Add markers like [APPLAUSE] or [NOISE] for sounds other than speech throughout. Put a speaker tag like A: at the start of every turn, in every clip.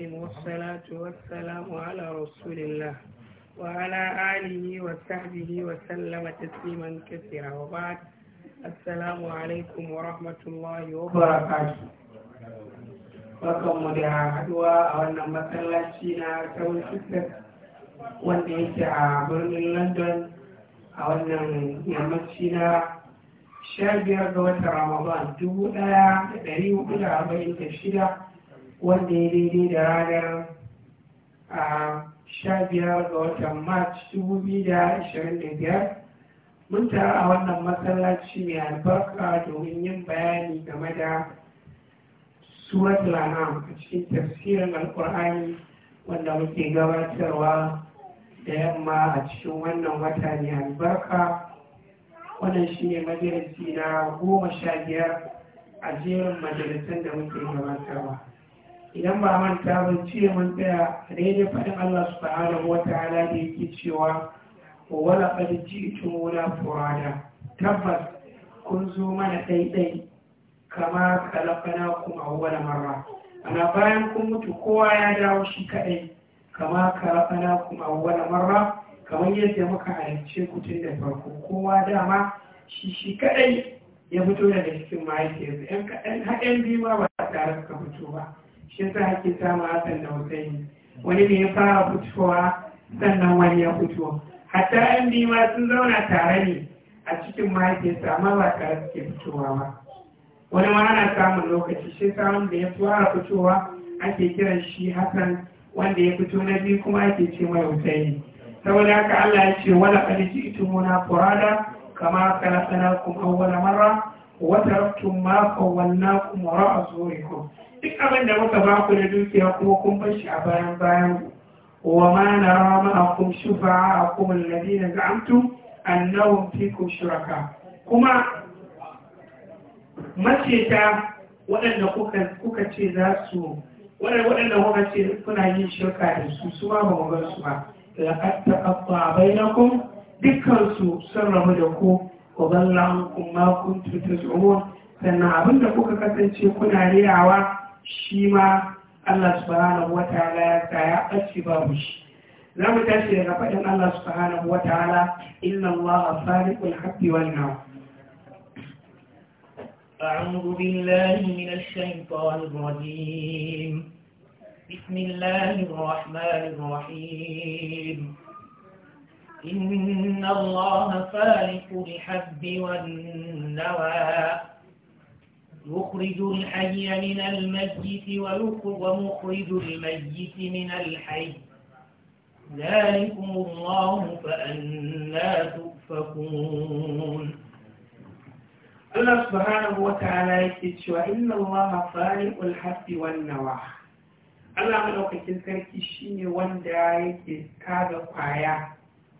A: الرحيم والصلاة والسلام على رسول الله وعلى آله وصحبه وسلم تسليما كثيرا وبعد السلام عليكم ورحمة الله وبركاته barkanmu da haduwa a wannan masallaci na Town Sisters wanda yake a birnin London a wannan yammaci na sha biyar ga watan Ramadan dubu ɗaya da ɗari hudu da arba'in da shida wanda ya daidai da ranar a sha biyar ga watan march dubu da biyar mun ta a wannan masallaci mai albarka domin yin bayani game da surat lanam a cikin tafsirin alkur'ani wanda muke gabatarwa da yamma a cikin wannan wata mai albarka wannan shine majalisi na goma sha biyar a jerin majalisan da muke gabatarwa idan ba manta ba ce man tsaya a daidai faɗin Allah su ta'ala wa ta'ala da yake cewa wa wala tun wula furada tabbas kun zo mana ɗaiɗai kama kalafana kuma wani marra ana bayan kun mutu kowa ya dawo shi kaɗai kama kalafana kuma awwala marra kamar yadda muka halince ku tun da farko kowa dama shi shi kaɗai ya fito daga cikin mahaifiyarsa 'yan kaɗan haɗin biyu ma ba tare suka fito ba shi yasa ake samu Hassan da Hussein wani ne ya fara fitowa sannan wani ya fito hatta yan biyu ma sun zauna tare ne a cikin mahaifiyarsa amma ba tare suke fitowa ba wani ma ana samun lokaci shi samun da ya fara fitowa ake kiran shi Hassan wanda ya fito na biyu kuma ake ce mai Hussein saboda haka Allah ya ce wala qad ji'tumuna furada kama khalaqnakum awwala marra wa taraktum ma khawwalnakum wara'a zuhurikum duk abin da muka ba ku na dukiya kuma kun bar shi a bayan bayan wa ma na rama a kun shufa a kuma lalabi na za'amtu annawun fikum shuraka kuma maceta waɗanda kuka ce za su waɗanda kuka ce kuna yin shirka da su su ma ba mu su ba laqad taqatta bainakum dukkan su sun rabu da ku wa ballan kun ma kuntum taz'umun sannan abinda kuka kasance kuna riyawa shi ma Allah subhanahu wa ta'ala ya tsaya ɓace babu shi za mu tashi daga faɗin Allah subhanahu wa
B: ta'ala inna Allah fariqul haqqi wal nawa أعوذ بالله من الشيطان الرجيم بسم الله الرحمن الرحيم إن الله فارق الحب والنوى يخرج الحي من الميت ومخرج الميت من الحي ذلكم الله فأنا تؤفكون الله سبحانه
A: وتعالى يكتشوى إن الله فارق الحب والنوى Allah madaukakin sarki shine wanda yake kaga kwaya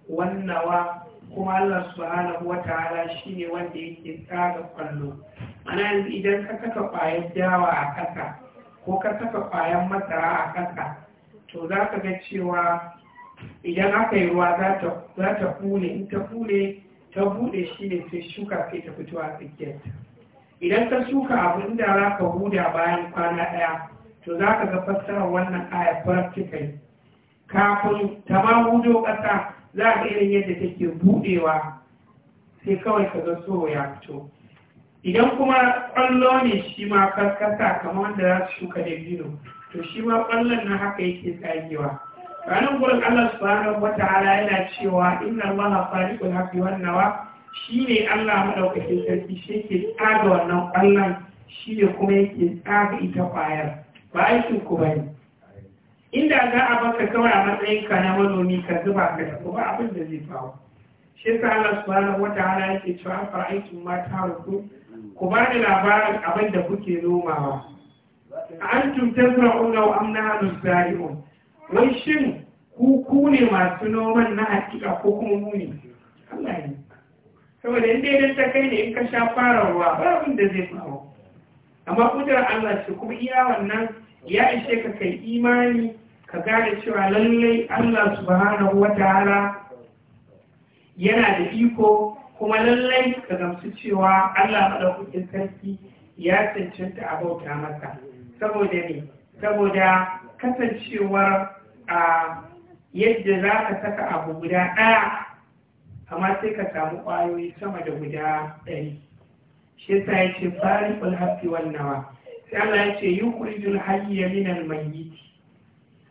A: wannawa kuma Allah subhanahu wata'ala shi ne wanda yake tsaga kwallo ana yanzu idan ka saka kwayar dawa a ƙasa ko ka saka kwayar masara a ƙasa to za ka ga cewa idan aka yi ruwa za ta kule in ta kule ta bude shi ne sai shuka sai ta fito a tsakiyarta idan ka shuka abin da za ka huda bayan kwana ɗaya to za ka ga fassarar wannan aya practically kafin ta ma hudo ƙasa za ka irin yadda take buɗewa sai kawai ka ga ya fito idan kuma ƙwallo ne shi ma kaskasa kamar wanda za su shuka da biyu to shi ma ƙwallon na haka yake tsagewa ranar gurin Allah subhanahu wata ala yana cewa inna Allah fariqul wannan wa shi ne Allah maɗaukacin sarki shi ke tsaga wannan ƙwallon shi ne kuma yake tsaga ita ƙwayar ba aikin ku bane inda za a baka kawai a matsayin ka na manomi ka zuba ka da kuma abin da zai faru shi yasa Allah subhanahu wataala yake cewa fa ma ta ruku ku ba ni labarin abin da kuke nomawa antum tazra'una wa am nahnu zari'un wai shin ku ku ne masu noman na hakika ko kuma mu ne Allah ne saboda inda dai ta kai ne in ka sha fara ruwa ba abin da zai faru amma kudurar Allah ce kuma iya wannan ya ishe ka kai imani ka gane cewa lallai Allah subhanahu wa ta'ala yana da iko kuma lallai ka gamsu cewa Allah kuɗin sarki ya cancanta a bauta masa saboda ne saboda kasancewar a yadda za ka saka abu guda ɗaya amma sai ka samu ƙwayoyi sama da guda ɗari shi yasa ya ce fari ulhafi wannawa sai Allah ya ce yukhrijul hayya minal mayyit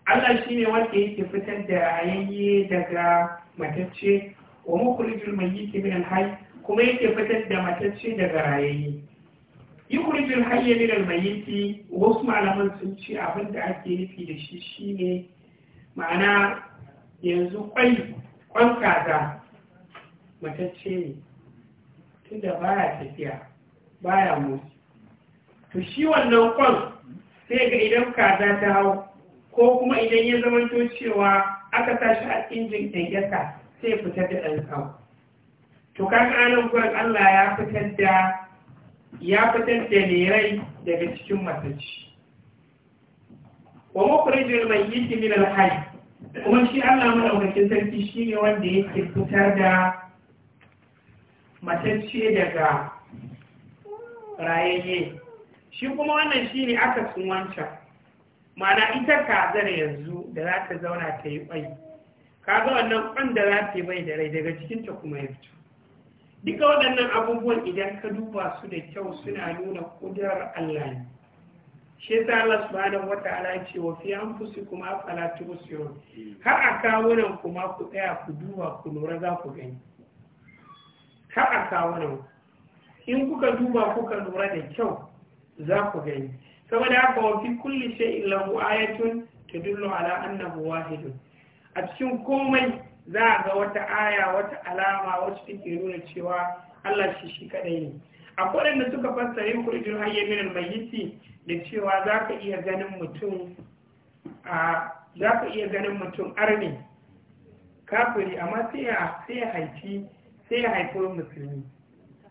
A: Allah shi ne wanda yake fitar da rayayye daga matacce wa mukhrijul mayyit min al-hayy kuma yake fitar da matacce daga rayayye yukhrijul hayy min al-mayyit wasu malaman sun ce abin da ake nufi da shi shine ma'ana yanzu kwai kwan kaza matacce ne tunda baya tafiya baya motsi to shi wannan kwan sai ga idan kaza ta hau ko kuma idan ya to cewa aka tashi a injin ɗangyarka sai fitar da ɗan kawo. to kan ƙanan gurin Allah ya fitar da ya fitar da lerai daga cikin matacci wa mukhrijul mai yi al-hayy kuma shi Allah madaukakin sarki shi ne wanda yake fitar da matacce daga rayayye shi kuma wannan shi ne aka sun wancan mana ita kaza yanzu da za ta zauna ta yi ƙwai kaga wannan ƙwan da za ta yi bai da rai daga cikinta kuma ya fito duka waɗannan abubuwan idan ka duba su da kyau suna nuna ƙudurar Allah ne shi ta Allah subhanahu wata'ala ya ce wa fi kuma afala tubsirun har a nan kuma ku tsaya ku duba ku lura za ku gani har a nan in kuka duba kuka lura da kyau za ku gani saboda haka wa fi kulli shay'in lahu ayatun tadullu ala annahu wahidun a cikin komai za a ga wata aya wata alama wacce take nuna cewa Allah shi shi kadai ne a waɗanda suka fassara yin kurjin hayya min almayyiti da cewa za ka iya ganin mutum a ne arni kafiri amma sai ya haifi sai ya haifi musulmi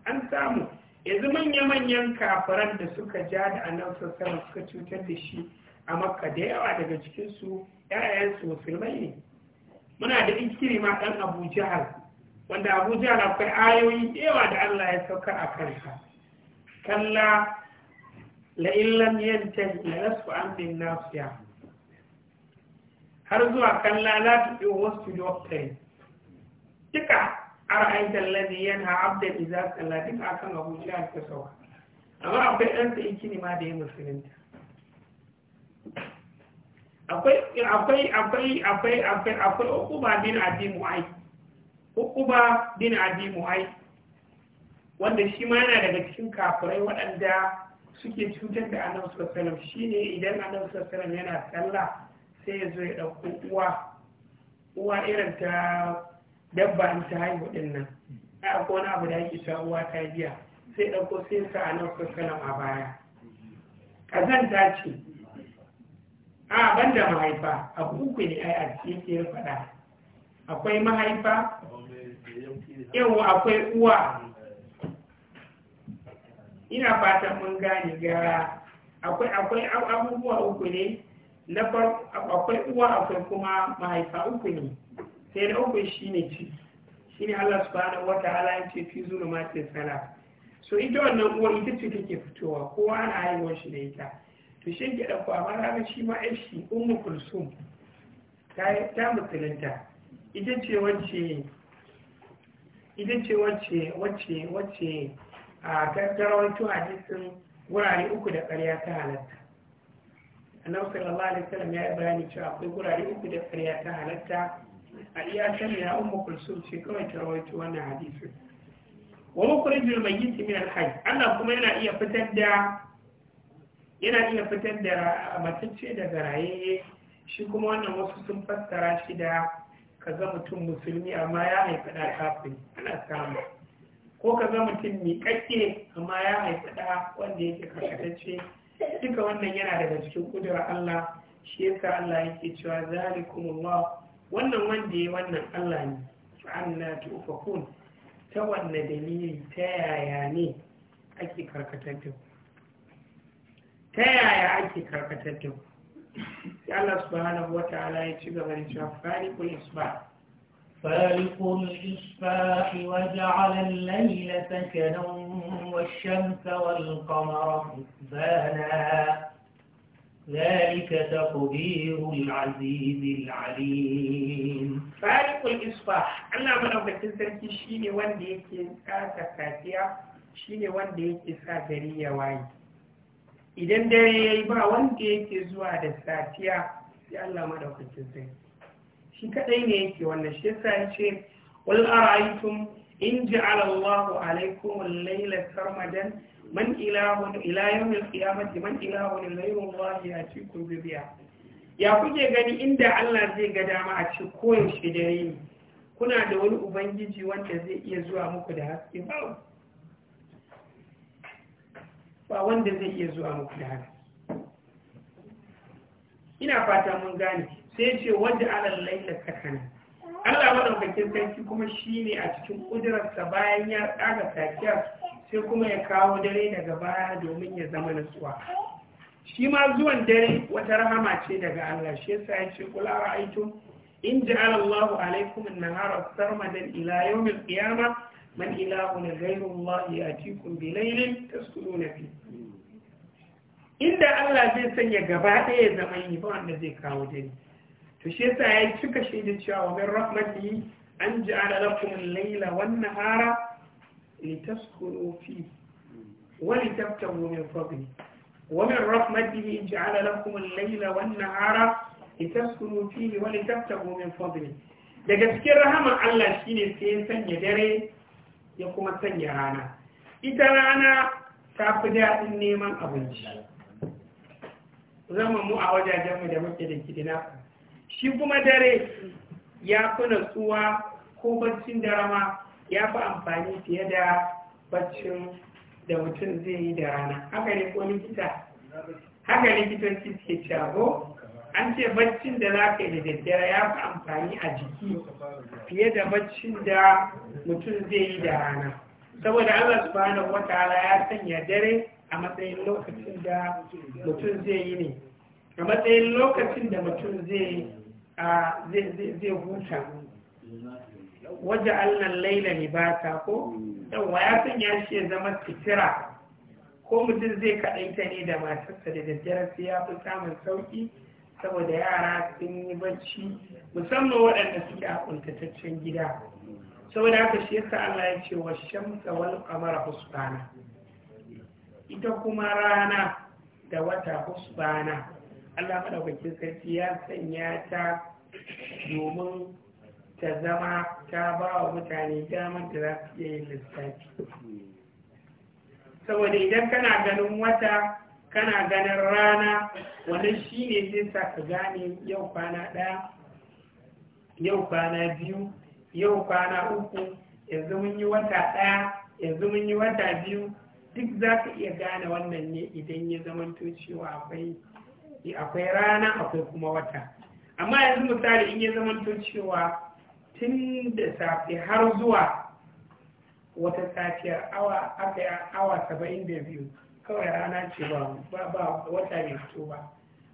A: an samu yanzu manya-manyan kafaran da suka ja da annabi sallallahu suka cutar da shi a makka da yawa daga cikinsu ‘ya'yansu musulmai ne muna da ikirima ɗan abu jihar wanda abu jihar akwai ayoyi yawa da allah ya sauka a kanta. kalla la'illam na lalasu an bin nasiya har zuwa kalla la tuɗi wasu doctrine duka ara'aita alladhi yanha abda idza salla duk akan Abu Jahl ta sauka amma akwai ɗan sa kini ma da ya musulunta akwai akwai akwai akwai akwai akwai Uqba bin Abi muai hukuma bin Abi muai wanda shi ma yana daga cikin kafirai waɗanda suke cutar da annabi sallallahu alaihi wasallam shine idan annabi sallallahu alaihi wasallam yana sallah sai ya zo ya ɗauko uwa uwa irin ta dabba in ta haihu din nan a akwai abu da yake cewa uwa ta biya sai ɗauko sai sa a nan sassanan a baya ƙazanta ce a ban da mahaifa a uku ne ai a cikin faɗa akwai mahaifa yau akwai uwa ina fatan mun gane gara akwai akwai abubuwa uku ne na akwai uwa akwai kuma mahaifa uku ne sai na shi shine ci shine Allah wata ala ya ce fi zulumatin sana so ita wannan uwar ita ce take fitowa kowa ana haihuwar shi da ita to shi ki ɗauko amma ranar shi ma ai shi ummu kulsum ta musulunta ita ce wacce ita ce wacce wacce wacce a gaggarawar wurare uku da ƙarya ta halatta annabi sallallahu alaihi wasallam ya yi bayani cewa akwai wurare uku da ƙarya ta halatta a iya sani ya umma kulsum ce kawai ta rawaito wannan hadisin wa mukhrijul mayyit min al-hayy Allah kuma yana iya fitar da yana iya fitar da matacce daga raye shi kuma wannan wasu sun fassara shi da kaga mutum musulmi amma ya haifi da kafin ana samu ko kaza mutum kake amma ya haifi da wanda yake karkatacce duka wannan yana daga cikin kudura Allah shi yasa Allah yake cewa zalikumullah wannan wanda ya wannan allah ne fa'anna tufakun ta wanne dalili ta yaya ne ake karkatar da ta yaya ake karkatar da ya Allah
B: subhanahu wata'ala ya ci gaba da cewa falikul isba falikul isba wa ja'ala al-layla sakanan wash-shamsa wal ذلك تقدير العزيز العليم فارق الإصباح أنا من أبو
A: تزكي شيني وان ديكي ساعة ساتيا shine wanda yake sa gari ya waye idan dare ya yi ba wanda yake zuwa da safiya sai Allah madaukakin sai shi kaɗai ne yake wannan shi yasa ya ce wal ara'aytum in ja'ala Allahu alaykum al-layla sarmadan man ilahun ila yawmil qiyamati man ilahun ghayru Allah yatiku bi biya ya kuke gani inda Allah zai ga dama a ci koyaushe dare ne kuna da wani ubangiji wanda zai iya zuwa muku da haske ba ba wanda zai iya zuwa muku da haske ina fata mun gane sai ce wanda alal laila kakana. Allah madaukakin sarki kuma shine a cikin kudurarsa bayan ya tsaga sakiya sai kuma ya kawo dare daga baya domin ya zama nasuwa shi ma zuwan dare wata rahama ce daga Allah shi yasa ya ce kula ra'aytum in ja'ala Allah alaykum an-nahara sarmadan ila yawm al-qiyamah man ilahun ghayru Allah yatikum bi laylin taskununa fi inda Allah zai sanya gaba ɗaya ya yi ba wanda zai kawo dare to shi yasa ya cika da cewa wa min rahmatihi an ja'ala lakum al-layla wan-nahara لتسكنوا فيه ولتبتغوا من فضله ومن رحمته جعل لكم الليل والنهار لتسكنوا فيه ولتبتغوا من فضله Da gaske rahaman Allah shine sai ya sanya dare ya kuma sanya rana ita rana ta fi daɗin neman abinci zama mu a wajajenmu da muke da kidina shi kuma dare ya fi natsuwa ko bacin da rama ya fi amfani fiye da baccin da mutum zai yi da rana haka ne ko likita haka likitoci cago an ce baccin da za ka yi da daddare ya fi amfani a jiki fiye da baccin da mutum zai yi da rana saboda allah subhanahu wa ta'ala ya sanya dare a matsayin lokacin da mutum zai yi ne a matsayin lokacin da mutum zai huta waje allan laila ta, ko mm. yawa ya sanya shi ya zama fitira ko mutum zai ta ne da matarsa da daddare sai ya fi samun sauƙi saboda yara sun yi bacci musamman waɗanda suke a ƙuntataccen gida saboda haka shi yasa Allah ya ce wa shamsa wal qamara husbana ita kuma rana da wata husbana Allah madaukakin sarki ya sanya ta domin ta zama ta ba wa mutane damar da za su iya yin lissafi saboda idan kana ganin wata kana ganin rana wani shi ne zai sa ka gane yau kwana ɗaya yau kwana biyu yau kwana uku yanzu mun yi wata ɗaya yanzu mun yi wata biyu duk za ka iya gane wannan ne idan ya zamanto cewa akwai akwai rana akwai kuma wata amma yanzu misali in ya zamanto cewa tun da safe har zuwa wata safiyar awa aka yi awa saba'in da biyu kawai rana ce ba wata mai fito ba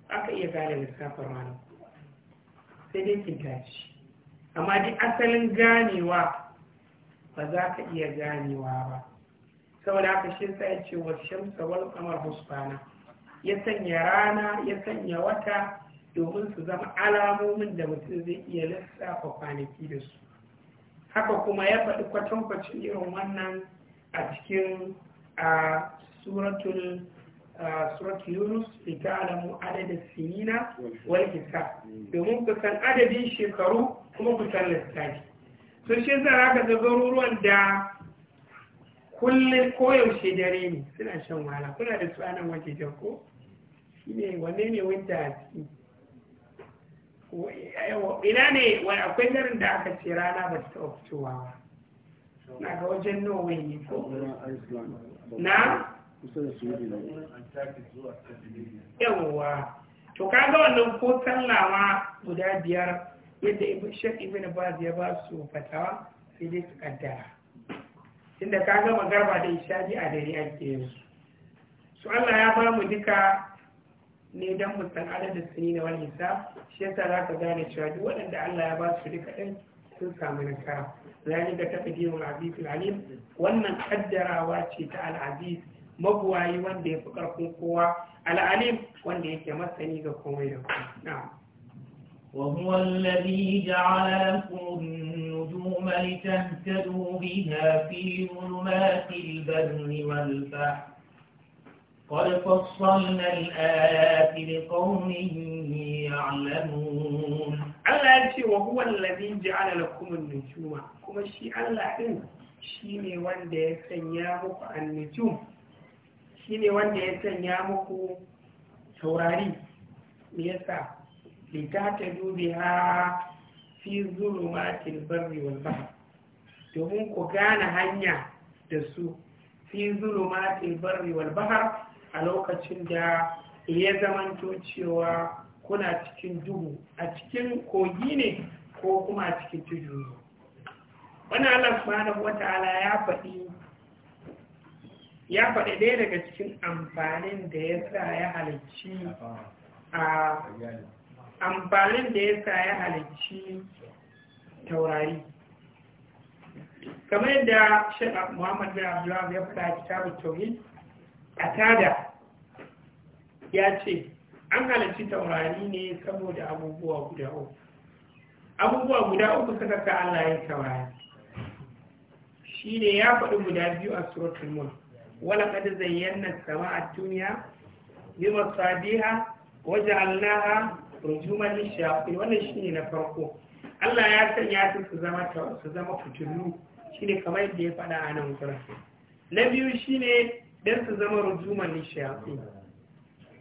A: aka iya gane lissafin ranar. sai dai tashi amma dai asalin ganewa ba za ka iya ganewa ba saboda aka shi sa ya ce wa shamsa wal kamar husbana ya sanya rana ya sanya wata domin su zama alamomin da mutum zai iya lissafa kwanaki da su haka kuma ya faɗi kwatankwacin irin wannan a cikin a suratul yunus fita alamu adadin sinina wal hisa domin kusan adadin shekaru kuma kusan lissafi so shi zara ga garuruwan da kullum koyaushe dare ne suna shan wahala kuna da su anan waje shi shine wanne ne wanda a ciki ina ne wani akwai garin da aka ce rana ba ta taɓa fitowa ba na ga wajen norway ne ko na yawwa to kaga wannan ko tallama guda biyar yadda ibn shek ibn baz ya ba su fatawa sai dai su kaddara tunda kaga magarba da ji a dare ake yi su Allah ya ba mu duka ne dan mutan adadin sini na wani isa shi yasa za ka gane cewa duk waɗanda Allah ya ba su duka ɗin sun samu nasara zalika taqdirul azizul alim wannan kaddarawa ce ta al-aziz mabuwayi wanda ya fi ƙarfin kowa al'alim wanda yake masani ga komai da kuma
B: وهو الذي جعل لكم النجوم لتهتدوا بها في ظلمات البر والبحر قد فصلنا الآيات لقوم يعلمون
A: Allah ya ce wa huwa allazi ja'ala lakum an-nujuma kuma shi Allah din shine wanda ya sanya muku an-nujum shine wanda ya sanya muku taurari me yasa li tatadu biha fi zulumatil barri wal bahr domin ku gane hanya da su fi zulumatil barri wal bahr a lokacin da ya zamanto cewa kuna cikin duhu a cikin kogi ne ko kuma a cikin tujuru ne wani allah subhanahu ya faɗi ya ɗaya daga cikin amfanin da ya sa ya halarci a amfanin da ya sa ya halarci taurari kamar yadda shi Muhammadu abdullahi ya faɗa cikin tauhid katada ya ce an halarci taurari ne saboda abubuwa guda uku abubuwa guda uku suka ka Allah ya taurari shi ne ya faɗi guda biyu a suratul mun wala qad zayyana sama'a dunya bima sabiha waja'alnaha rujuman lishayatin wannan ne na farko Allah ya sanya su su zama su zama fitilu ne kamar yadda ya faɗa a nan gurin na biyu shi ne. don su zama rujuman nishayafi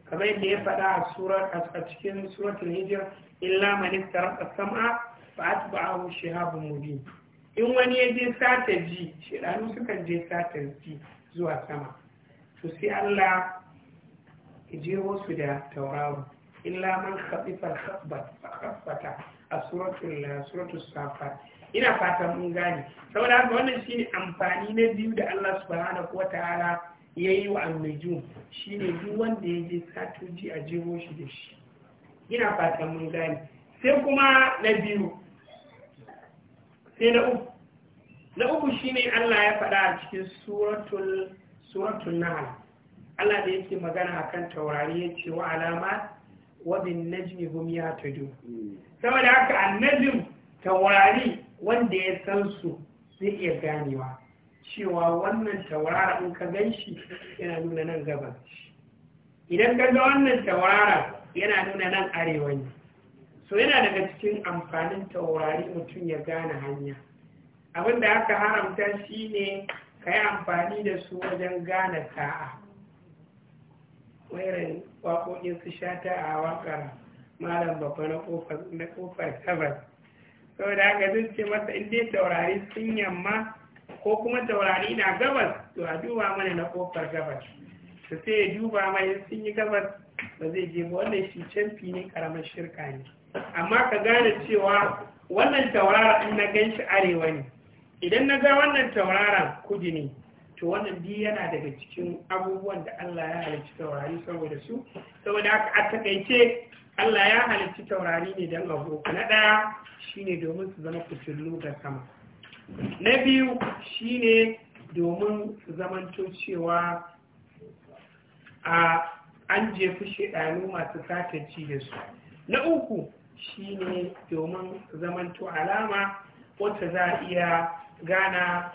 A: kamar yadda ya faɗa a surar a cikin suratul hijr illa man istaraqa sam'a fa atba'ahu shihabun mubin in wani ya je sata ji shedanu sukan je sata ji zuwa sama to sai Allah ya je wasu da tauraro illa man khafifa al-khabbat fa khaffata a suratul suratul safar. ina fatan mun gane saboda haka wannan shine amfani na biyu da Allah subhanahu wataala ya yi wa annajin shi ne duk wanda ya je satoji a jiho shi da shi ina fata mun gani sai kuma na biyu sai na uku na uku shi ne allah ya faɗa a cikin suratun nahal allah da yake magana a kan taurari ya ce wa alama wabin najmi hum ya sama saboda haka annajin taurari wanda ya san su zai iya ganewa cewa wannan taurara in ka gan shi yana nuna nan gabas idan ka ga wannan tawara yana nuna nan arewa ne so yana daga cikin amfanin taurari mutum ya gane hanya abinda aka haramta shine ka yi amfani da su wajen gane ta'a wairin waƙoƙin su sha ta'a waƙar malam babba na ƙofar tabbas saboda haka aka ce masa inda taurari sun yamma ko kuma taurari na gabas to a duba mana na kofar gabas su sai ya duba mai sun yi gabas ba zai je ba wannan shi canfi ne karamar shirka ne amma ka gane cewa wannan taurara in na gan shi arewa ne idan na ga wannan tauraron kudi ne to wannan bi yana daga cikin abubuwan da Allah ya halicci taurari saboda su saboda haka a takaice Allah ya halicci taurari ne don abu na ɗaya shine domin su zama fitilu ga sama na biyu shine domin zamanto cewa a an jefi shaidanu masu satanci da su na uku shine domin zamanto alama wata za a iya gana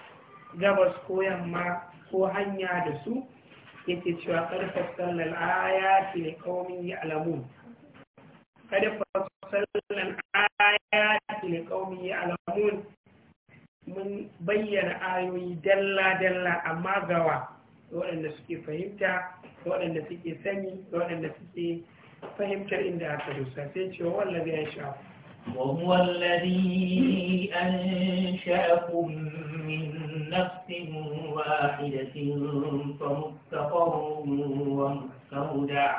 A: gabas ko yamma ko hanya da su yake cewa ƙarfa sallar aya ne ya alamu ƙarfa sallar aya ne ya alamu mun bayyana ayoyi dalla-dalla amma gawa waɗanda suke fahimta waɗanda suke sani waɗanda suke fahimtar inda aka dusa sai cewa wallazi
B: ya sha وهو الذي أنشأكم من نفس واحدة فمستقر ومستودع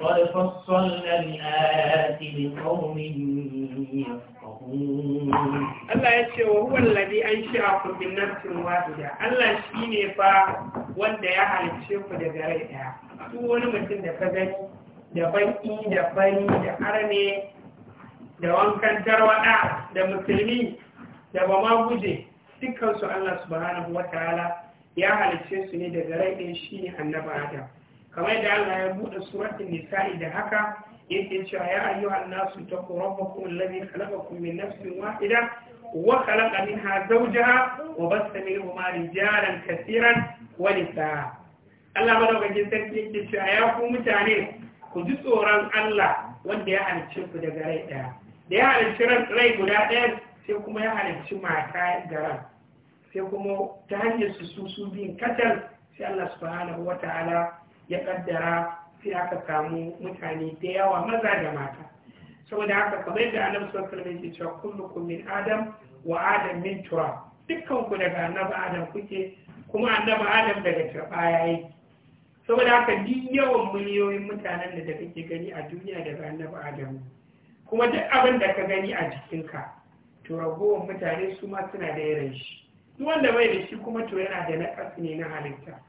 B: قد فصلنا الآيات لقوم يفقهون Allah
A: ya ce wa huwa alladhi ansha'a min nafsin wahida Allah shine fa wanda ya halicce ku daga rai daya duk wani mutum da ka gani da banki da fari da arne
B: da wankan tarwada
A: da musulmi da ba ma guje dukkan su Allah subhanahu wataala ya halicce su ne daga rai ɗaya shine annabi Adam kamar da Allah ya buɗe suratul nisa'i da haka yake cewa ya ayyuhan nasu taqu rabbakum alladhi khalaqakum min nafsin wahida wa khalaqa minha zawjaha wa bassa minhuma rijalan katsiran wa nisaa Allah madaukakin sarki yake cewa ya ku mutane ku ji tsoron Allah wanda ya halicci ku daga rai daya da ya halicci rai guda ɗaya sai kuma ya halicci mata gara sai kuma ta hanyar su su biyun kacal sai Allah subhanahu wa ta'ala ya kaddara sai aka samu mutane da yawa maza da mata saboda haka kamar yadda annabi sallallahu alaihi wasallam ya ce kullukum min adam wa adam min turab dukkan ku daga annabi adam kuke kuma annabi adam daga turbaya yayi saboda haka duk yawan miliyoyin mutanen da kake gani a duniya daga annabi adam kuma duk abin da ka gani a jikinka to ragowar mutane su ma suna da irin shi wanda bai da shi kuma to yana da naƙas ne na halitta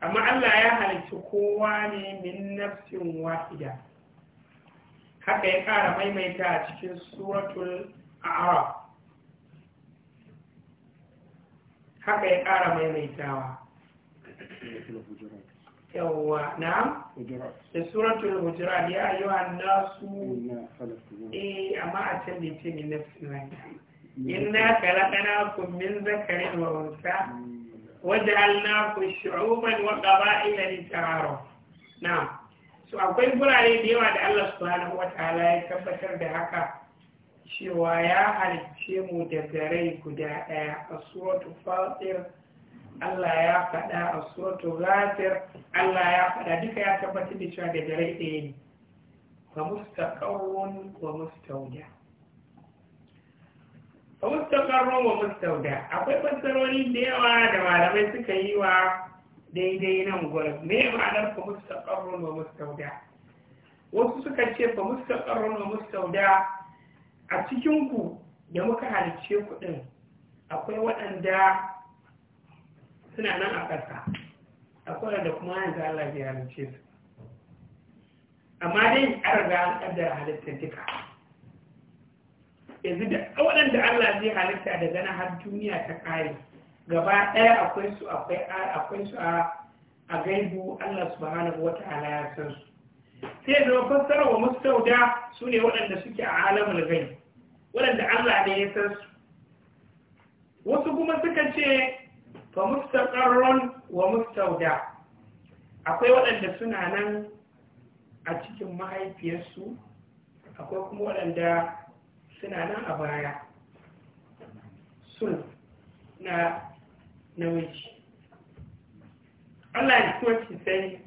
A: amma Allah ya halicci kowa ne min nafsin wahida haka ya ƙara maimaita a cikin suratul a'raf haka ya ƙara maimaitawa yawwa na da suratul hujurat ya yi wa nasu eh amma a can da ce min nafsin wahida inna khalaqnakum min zakarin wa unsa waj'alnakum shu'uban wa qaba'ila lita'arafu na'am so akwai gurare da yawa da Allah subhanahu wataala ya tabbatar da haka cewa ya halice mu da rai guda ɗaya a suratul fatir Allah ya faɗa a suratul ghafir Allah ya faɗa duka ya tabbatar da cewa da rai ɗaya ne wa mustaqawun wa mustawda mustaƙarron wa mustauda akwai fassaroni da yawa da malamai suka yi wa daidai nan gurin me ma'anar fa mustaƙarron wa mustauda wasu suka ce fa mustaƙarron wa mustauda a cikinku da muka halicce kuɗin akwai waɗanda suna nan a ƙasa akwai waɗanda kuma yanzu Allah ya halicce su amma dai an riga an ƙaddara halittar duka yanzu da waɗanda Allah zai halitta da na har duniya ta ƙare gaba ɗaya akwai su akwai akwai su a gaibu Allah subhanahu wa ta'ala ya san su sai da fassara wa mustauda su ne waɗanda suke a alamul gaib waɗanda Allah ne ya san su wasu kuma suka ce fa mustaqarrun wa mustauda akwai waɗanda suna nan a cikin mahaifiyarsu akwai kuma waɗanda suna nan a baya sun na namiji Allah ya ci sai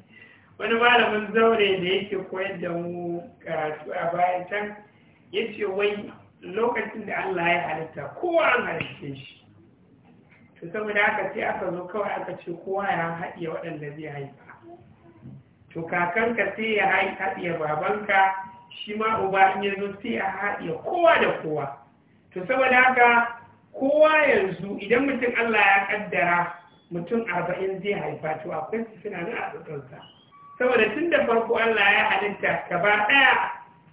A: wani malamin zaure da yake koyar da mu karatu a baya can ya ce wai lokacin da Allah ya halitta kowa an halitta shi to saboda aka ce aka zo kawai aka ce kowa ya haɗiye waɗanda zai haifa to kakanka sai ya haɗiye babanka shi ma uba in ya zo sai a haɗe kowa da kowa to saboda haka kowa yanzu idan mutum Allah ya kaddara mutum arba'in zai haifa to akwai su suna nan a tsakansa saboda tun da farko Allah ya halitta gaba ɗaya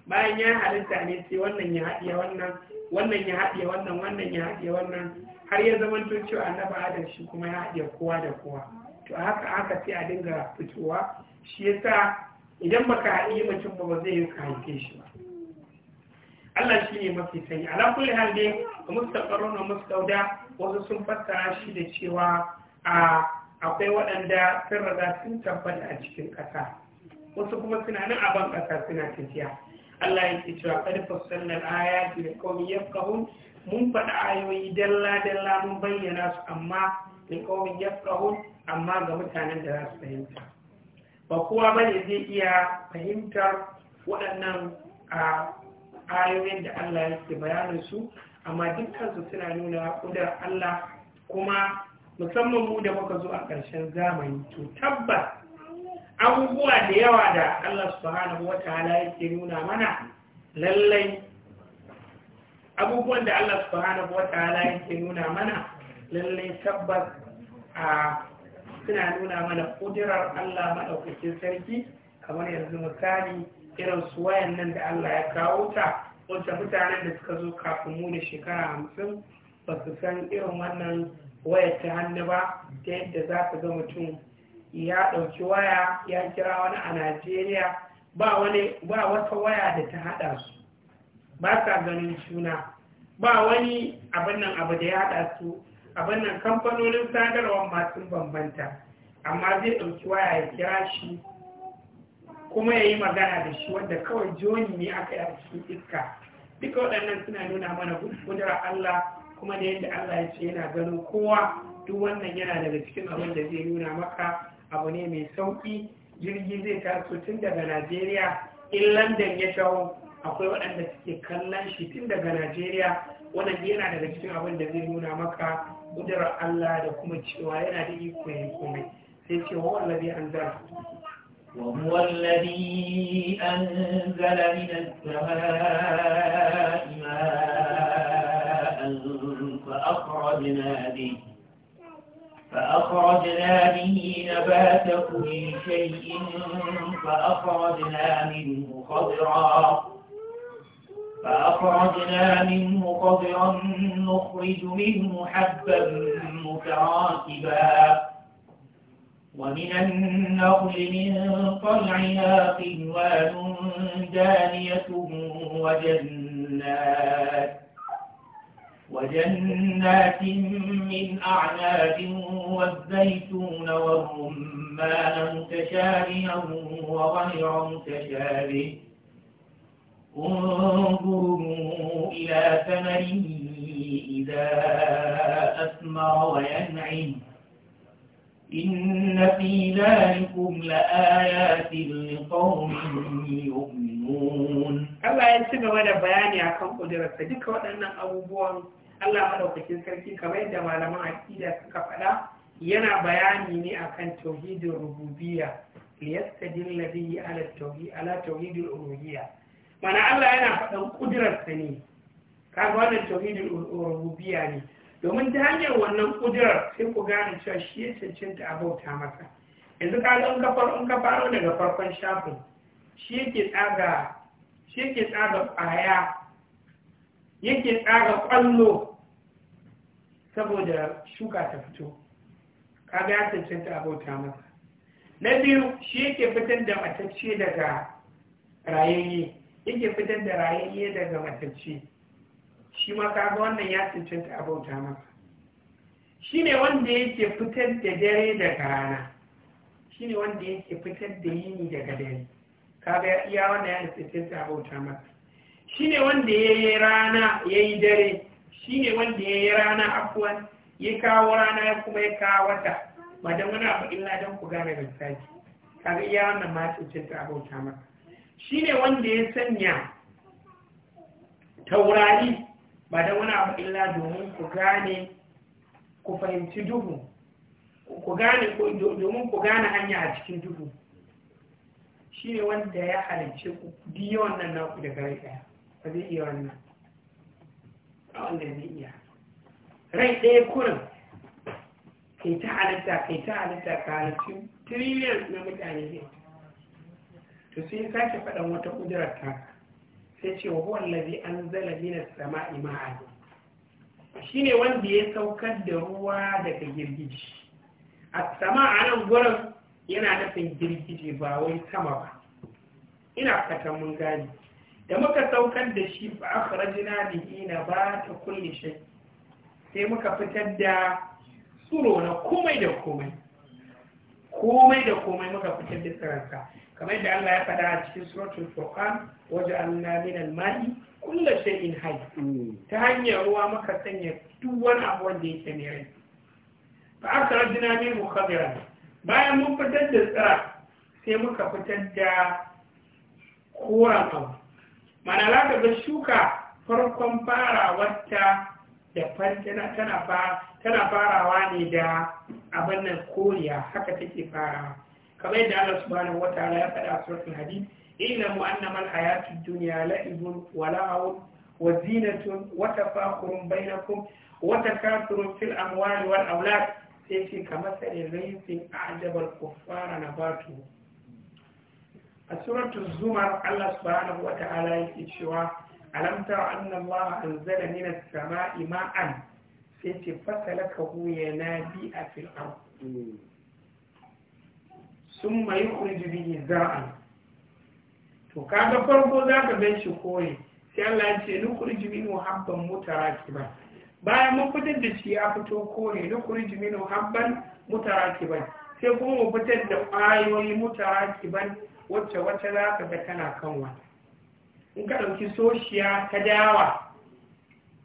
A: bayan ya halitta ne sai wannan ya haɗiye wannan wannan ya haɗiye wannan wannan ya haɗiye wannan har ya zama to cewa annabi adam shi kuma ya haɗiye kowa da kowa to haka haka sai a dinga fitowa shi yasa idan baka yi mutum ba ba zai yi ka haife shi ba Allah shi ne mafi sani ala kulli hal dai da mustaqarrun da mustauda wasu sun fassara shi da cewa a akwai waɗanda sun raga sun tabbata a cikin ƙasa wasu kuma suna nan a ban ƙasa suna tafiya Allah ya ce cewa kada fassalna ayati da qaumi yafqahun mun faɗa ayoyi dalla dalla mun bayyana su amma da yafqahun amma ga mutanen da za su fahimta ba kowa ba ne zai iya fahimtar waɗannan a ayoyin da Allah ya ke bayanin su amma dukkansu suna nuna ƙudurar Allah kuma musamman mu da muka zo a ƙarshen zamani to tabbas abubuwa da yawa da Allah subhanahu wa yake nuna mana lallai abubuwan da Allah subhanahu yake nuna mana lallai tabbas a suna nuna mana ƙudirar Allah maɗaukacin sarki kamar yanzu misali irin su wayan nan da Allah ya kawo ta wacce mutanen da suka zo kafin mu da shekara hamsin ba su san irin wannan wayar ta hannu ba ta yadda za ka ga mutum ya ɗauki waya ya kira wani a Najeriya ba wata waya da ta haɗa su ba sa ganin suna. ba wani abin nan abu da ya haɗa su abin nan kamfanonin sadarwar masu bambanta amma zai ɗauki waya ya kira shi kuma ya yi magana da shi wanda kawai joni ne aka yi a cikin iska duka waɗannan suna nuna mana gudunar Allah kuma da yadda Allah ya ce yana gano. kowa duk wannan yana daga cikin abin da zai nuna maka abu ne mai sauki jirgi zai taso tun daga Najeriya in London ya taho akwai waɗanda suke kallon shi tun daga Najeriya wannan yana daga cikin abin da zai nuna maka قدر الله لكم kuma هذه yana da iko yin komai
B: وهو الذي أنزل من السماء ماء فأخرجنا به فأخرجنا به نبات كل شيء فأخرجنا منه خضرا فأخرجنا منه قضرا نخرج منه حبا متراكبا ومن النخل من طلعها قنوان دانية وجنات وجنات من أعناب والزيتون والرمان متشابها وغير متشابه انظروا إلى ثمره إذا أثمر وينعم إن في ذلكم لآيات لقوم يؤمنون
A: Allah ya ci gaba da bayani akan وانا duka waɗannan abubuwan Allah madaukakin sarki kamar yadda malaman aƙida suka faɗa yana bayani ne akan tauhidin rububiyya liyastadilla bihi ala tauhidil uluhiyya mana Allah yana faɗin ƙudurarsa ne kaga wannan tauhidin rububiyya ne domin ta hanyar wannan ƙudurar sai ku gane cewa shi ya cancanta a bauta masa yanzu kaga in ka in ka faro daga farkon shafin shi yake tsaga shi yake tsaga ƙwaya yake tsaga ƙwallo saboda shuka ta fito kaga ya cancanta a bauta masa na biyu shi yake fitar da matacce daga rayayye yake fitar da rayayye daga matacce shi ma kaga wannan ya cancanta a bauta masa shi ne wanda yake fitar da dare daga rana shi ne wanda yake fitar da yini daga dare kaga iya wannan ya cancanta a bauta masa shi ne wanda ya yi rana ya yi dare shi ne wanda ya yi rana afuwan ya kawo rana ya kuma ya kawo wata ba don wani abu illa don ku gane sake kaga iya wannan ma cancanta a bauta masa shi ne wanda ya sanya taurari ba da wani abu illa domin ku gane ku fahimci duhu ku gane domin ku gane hanya a cikin duhu shi ne wanda ya halarci ku biyu wannan naku da rai ɗaya ba zai iya wannan a wanda zai iya rai ɗaya kurin kai ta halitta kai ta halitta ka halittu tiriliyan na mutane ne to sai ya sake faɗan wata ƙudurar ta sai ce wa huwa an anzala minas sama'i ma'an ne wanda ya saukar da ruwa daga girgiji a sama a nan gurin yana nufin girgiji, ba wai sama ba ina fatan mun gani da muka saukar da shi fa akhrajna bihi nabata kulli shay sai muka fitar da tsuro na komai da komai komai da komai muka fitar da tsaransa kamar yadda Allah ya faɗa a cikin suratul furqan waja'alna min al-ma'i kullu shay'in hayy ta hanyar ruwa muka sanya duk wani abu wanda yake ne rai fa akhrajna min mukhadira bayan mun fitar da tsira sai muka fitar da koran abu mana za ka ga shuka farkon farawarta da fantana tana farawa ne da abin nan koriya haka take farawa kamar yadda Allah subhanahu wataala ya faɗa a suratul duniya ilamu annama alhayatud dunya la'ibun wa la'aw wa zinatun wa tafakhurun bainakum wa takathurun fil amwali wal awlad sai ce kamar sai rayfin a'jabal kuffara nabatu a suratul zumar Allah subhanahu wataala yake cewa alam tara anna Allah anzala minas sama'i ma'an sai ce fasalakahu yanabi'a fil ardh hmm. sun mai kurji biyu za'an to kaga farko za ka gan shi kore sai Allah ya ce nukurji minhu habban mutarakiban bayan mun fitar da shi ya fito kore nukurji minhu habban mutarakiban sai kuma mu fitar da ƙwayoyi mutarakiban wacce wacce za ka ga tana kan wata in ka ɗauki soshiya ta dawa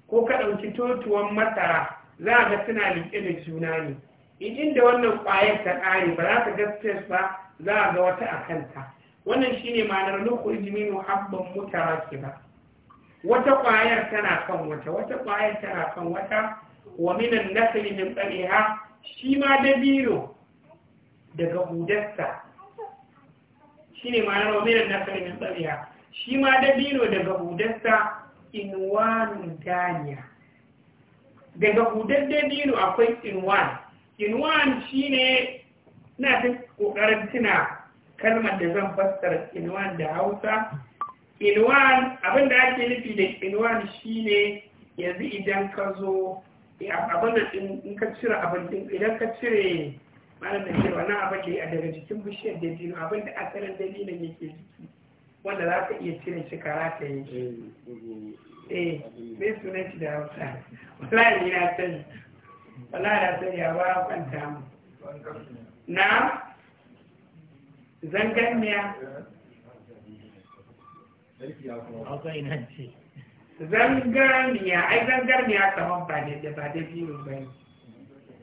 A: ko ka ɗauki totuwan masara za ga suna liƙe da juna ne idin da wannan ƙwayar ta ƙare ba za ta gaskiyar ba za a ga wata a kanta wannan shine ma'anar nukurji minu habban mutarakiba wata ƙwayar tana kan wata wata ƙwayar tana kan wata wa minan nasli min tsariha shi ma biro daga hudarsa shine ma'anar wa minan nasli min tsariha shi ma biro daga hudarsa inwanu daniya daga hudar biro akwai inwanu kinwan shine na ta kokarin tuna kalmar da zan fassara kinwan da hausa kinwan abinda ake nufi da kinwan shine yanzu idan ka zo abinda in ka cire abin idan ka cire malam da ke wannan abin da a daga jikin bishiyar da dino abinda asalin dalilin yake jiki wanda za ka iya cire shi karata yake eh, eh mai sunan shi da hausa wallahi na sani wala da sai ya ba kwanta mu na zanganniya zangarniya ai zangarniya kamar ba da ba da biyu ba ne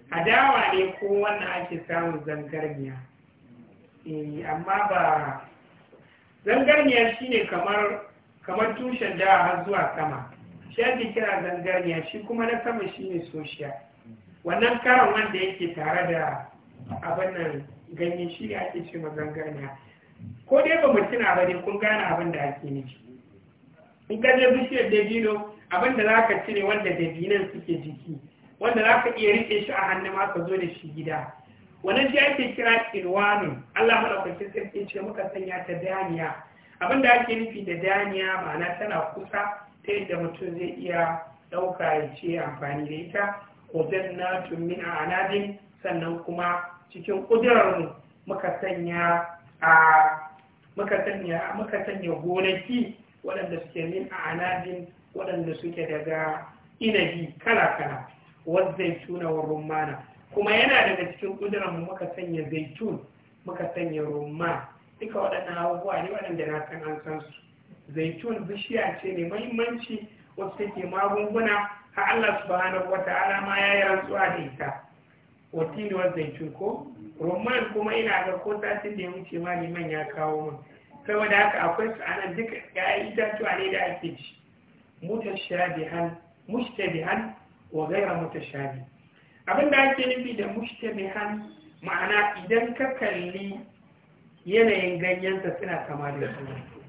A: adawa ne ko wannan ake samun zangarniya eh amma ba zangarniya shine kamar kamar tushen dawa har zuwa sama shi ake kira zangarniya shi kuma na sama shine social wannan karan wanda yake tare da abin nan ganyen shi ne ake ce maganganiya ko dai ba mutum ba ne kun gane abin da ake nufi in ka je bishiyar dabino abin da za ka cire wanda dabinan suke jiki wanda za ka iya rike shi a hannu ma ka zo da shi gida wannan shi ake kira irwanin allah maɗaukacin sarki ce muka sanya ta daniya abin da ake nufi da daniya ma'ana tana kusa ta yadda mutum zai iya ɗauka ya ce amfani da ita wajannatun min anadin sannan kuma cikin kudirarmu muka sanya a muka sanya gonaki waɗanda suke min anadin waɗanda suke daga inabi kala kala tuna wa rumana kuma yana daga cikin kudirarmu muka sanya zaitun muka sanya rumman duka waɗannan abubuwa ne waɗanda na san an san su zaitun bishiya ce mai mahimmanci wasu take magunguna ha Allah subhanahu ta'ala ma ya yi rantsuwa da ita watini wa zaitun ko rumman kuma ina ga ko satin da ya wuce ma liman ya kawo mun saboda haka akwai su anan duka ya'yan itatuwa ne da ake ci mutashabihan han wa mutashe mutashabi abin da ake nufi da han ma'ana idan ka kalli yanayin ganyensa suna kama da su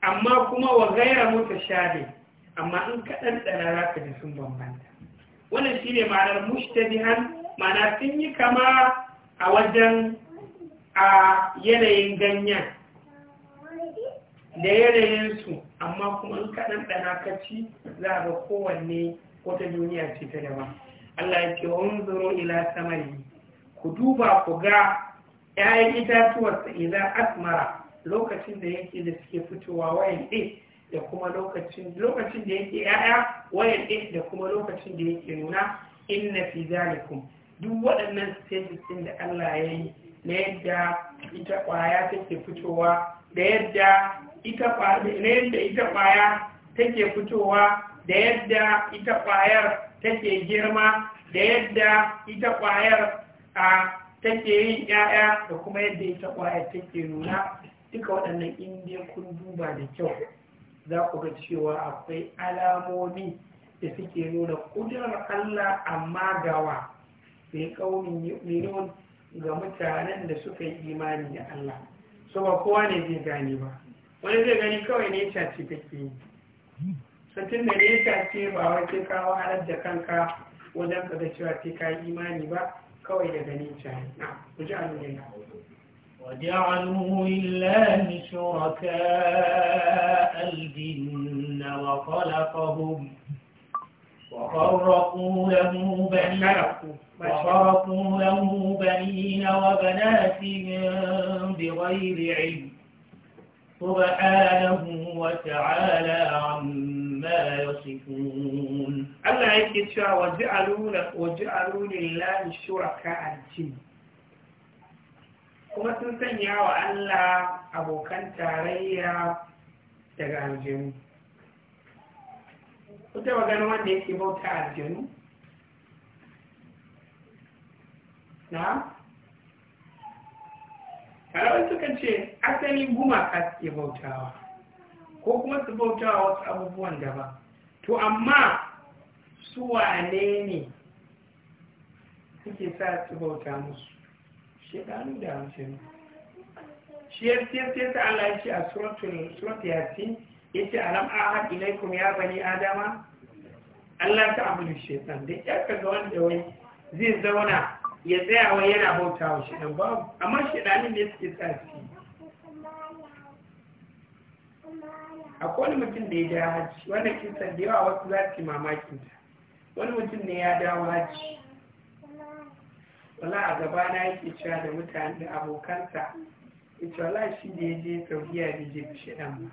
A: amma kuma wa gaira mutashabi amma in ka ɗana za ka ji sun bambanta wannan shi ne ma'anar mushtabihan ma'ana sun yi kama a wajen a yanayin ganyen da yanayinsu amma kuma in ka ɗana ka ci za a ga kowanne wata duniya ce ta daban Allah ya ce wani zuro ila samari ku duba ku ga 'ya'yan itatuwarsa ila asmara lokacin da yake da suke fitowa wayan ɗin da kuma lokacin lokacin da yake yaya wayan din da kuma lokacin da yake nuna inna fi zalikum duk waɗannan stages ɗin da Allah ya yi na yadda ita kwaya take fitowa da yadda ita kwaya yadda ita kwaya take fitowa da yadda ita take girma da yadda ita kwayar a take yin ƴaƴa da kuma yadda ita kwayar take nuna duka waɗannan indiya kun duba da kyau za ku ga cewa akwai alamomi da suke nuna kudurar Allah amma gawa mai ƙaunin yu'minun ga mutanen da suka yi imani da Allah so ba kowa ne zai gane ba wani zai gani kawai ne ta ce kake yi satin da ne ta ce ba wai sai kawo wahalar da kanka wajen ka da cewa sai ka yi imani ba kawai daga ne ta na ku ji alhamdulillah
B: وجعلوا لله شركاء الجن وخلقهم وفرقوا له بنين وفرقوا له بنين وبنات بغير علم سبحانه وتعالى عما يصفون الله يكتشى
A: وجعلوا لله شركاء الجن kuma sun sanya wa Allah abokan tarayya daga aljanu Kuta taɓa gano wanda yake bauta aljanu na Kalawar suka ce asali gumaka suke bautawa ko kuma su bautawa wasu abubuwan da ba? to amma su wane ne suke sa su bauta musu shekaru da hamsin shi ya sai ta Allah ya ce a suratul yasin ya ce alam ahad ilaikum ya bani adama Allah ta abudu shaitan da ya kaga wanda wai zai zauna ya tsaya wa yana bauta wa shaitan babu amma shaitanin ne suke sa su akwai wani mutum da ya dawo hajji Wannan kinsa da yawa wasu za su yi mamakin ta wani mutum ne ya dawo hajji wala a na yake cewa da mutane da abokansa yace wala shi da ya je saudiya da je da shaɗan ba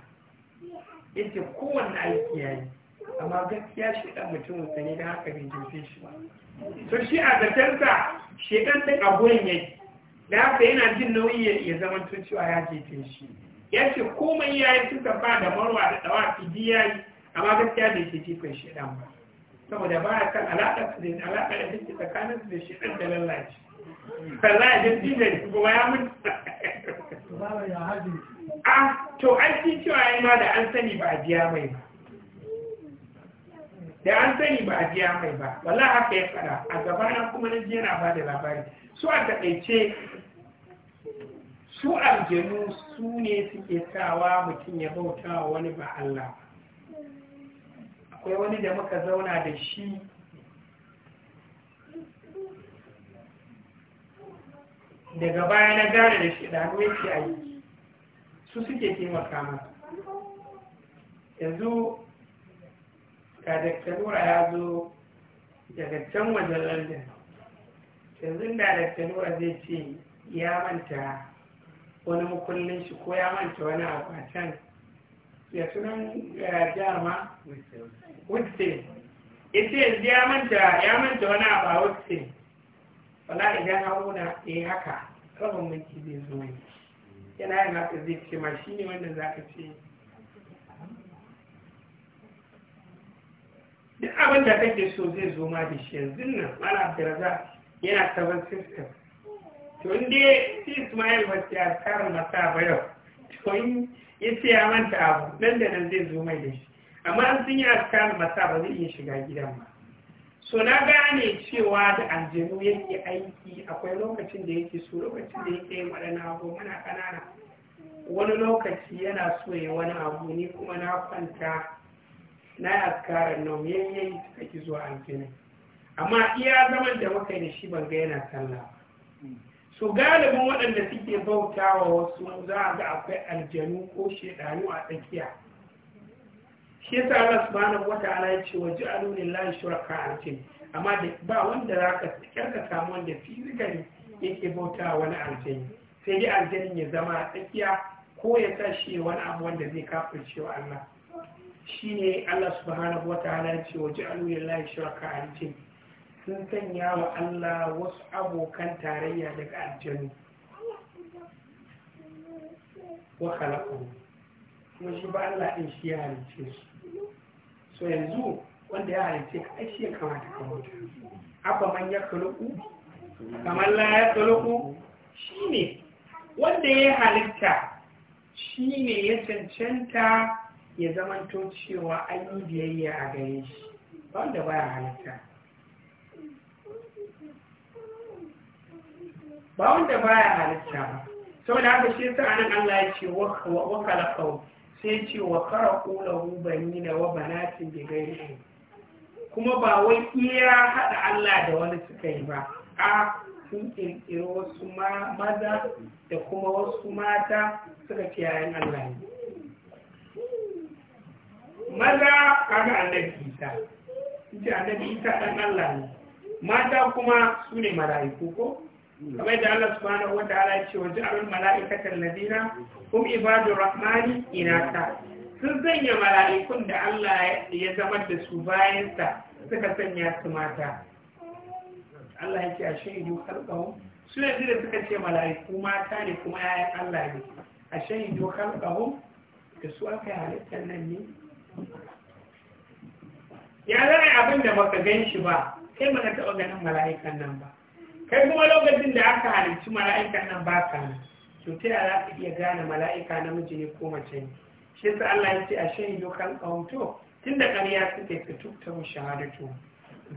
A: yace kowanne aiki ya yi amma gaskiya shi shaɗan mutum wasa ne da haka bai jefe shi ba to shi a zatarsa shaɗan ɗin abuwan yi da haka yana jin nauyi ya zama cewa ya jefe shi ya ce komai ya yi suka ba da marwa da ɗawa fidi ya yi amma gaskiya bai ke jefin shaɗan ba saboda ba a kan alaƙa da alaƙa da tsakanin su da shi ɗan da lallaci Kalla ya jirgi da shi kuma ya mutu a [LAUGHS] ah, to an fi cewa yi ma da an sani ba a biya mai ba da an sani ba a biya mai ba wala haka ya fara a na kuma na ji yana ba da labari su a taƙaice su aljanu su ne suke sawa mutum ya bauta wa wani ba Allah akwai wani da muka zauna da shi daga baya na gane da shi ɗaru yake su suke taimaka mana yanzu ga daktarura ya zo daga can wajen london yanzu da daktarura zai ce ya manta wani mukullin shi ko ya manta wani abu ya sunan dama wutsin ita yanzu ya manta ya manta wani abu a wutsin wala idan haruna ya eh, haka rabin mulki zai zo ne yana yin haka zai ce ma shi ne wanda za ka ce duk abin da kake so zai zo ma da shi yanzu nan mana abdurraza yana sabon system to inda ismail ba ta tsarin masa ba yau to ya ya manta abu nan da nan zai zo mai da shi amma an sun yi askar masa ba zai iya shiga gidan ba so na gane cewa da aljanu yake aiki akwai lokacin da yake so lokacin da yake yin waɗannan abu muna ƙanana wani lokaci yana so ya wani abu ni kuma na kwanta na askarar nan yayyayi suka ki zuwa aljanu amma iya zaman da muka yi da shi ban ga yana sallah ba su galibin waɗanda suke bautawa wasu za a ga akwai aljanu ko shaidanu a tsakiya shi yasa Allah subhanahu wata'ala ya ce waje a alunin lahi shuraka a ce amma da ba wanda za ka kyarka samu wanda fizikali yake bautawa wani aljani sai dai aljanin ya zama a tsakiya ko ya tashi wani abu wanda zai kafirce wa Allah shine Allah subhanahu wata'ala ya ce waje a alunin lahi shuraka a ce sun sanya wa Allah wasu abokan tarayya daga aljanu
C: wa khalaqahu
A: kuma shi ba Allah ɗin shi ya halice su so yanzu wanda ya halice ka ai shi ya kamata ka mutu abba man ya khalaqu kamar la ya shi ne wanda ya halitta shi ne ya cancanta ya zamanto cewa an yi biyayya a gare shi wanda baya halitta ba wanda baya halitta ba saboda haka shi yasa anan Allah ya ce wa khalaqahu sai ce wa kharaqu lahu banina wa banatin bi ghairi kuma ba wai iya hada Allah da wani suka yi ba a sun kirkiro wasu maza da kuma wasu mata suka ce yayin Allah ne
B: maza kaga
A: annabi Isa ce annabi Isa dan Allah ne mata kuma su ne mala'iku ko kamar da Allah subhanahu wa ta'ala ya ce wa ja'alul mala'ikata alladina hum ibadur rahmani inata sun sanya mala'ikun da Allah ya zama da su bayan sa suka sanya su mata Allah ya ce a shaidu kalqahu su yi da suka ce mala'iku mata ne kuma yayan Allah ne a shaidu kalqahu da su aka yi halittar nan ne ya zama abin da baka gan shi ba kai ta taɓa ganin mala'ikan nan ba kai kuma lokacin da aka halicci mala'ika nan ba ka nan to ta yara ka iya gane mala'ika namiji ne ko mace ne shi yasa Allah ya ce a shan yokan auto tunda ƙarya suke ka tukta mu to.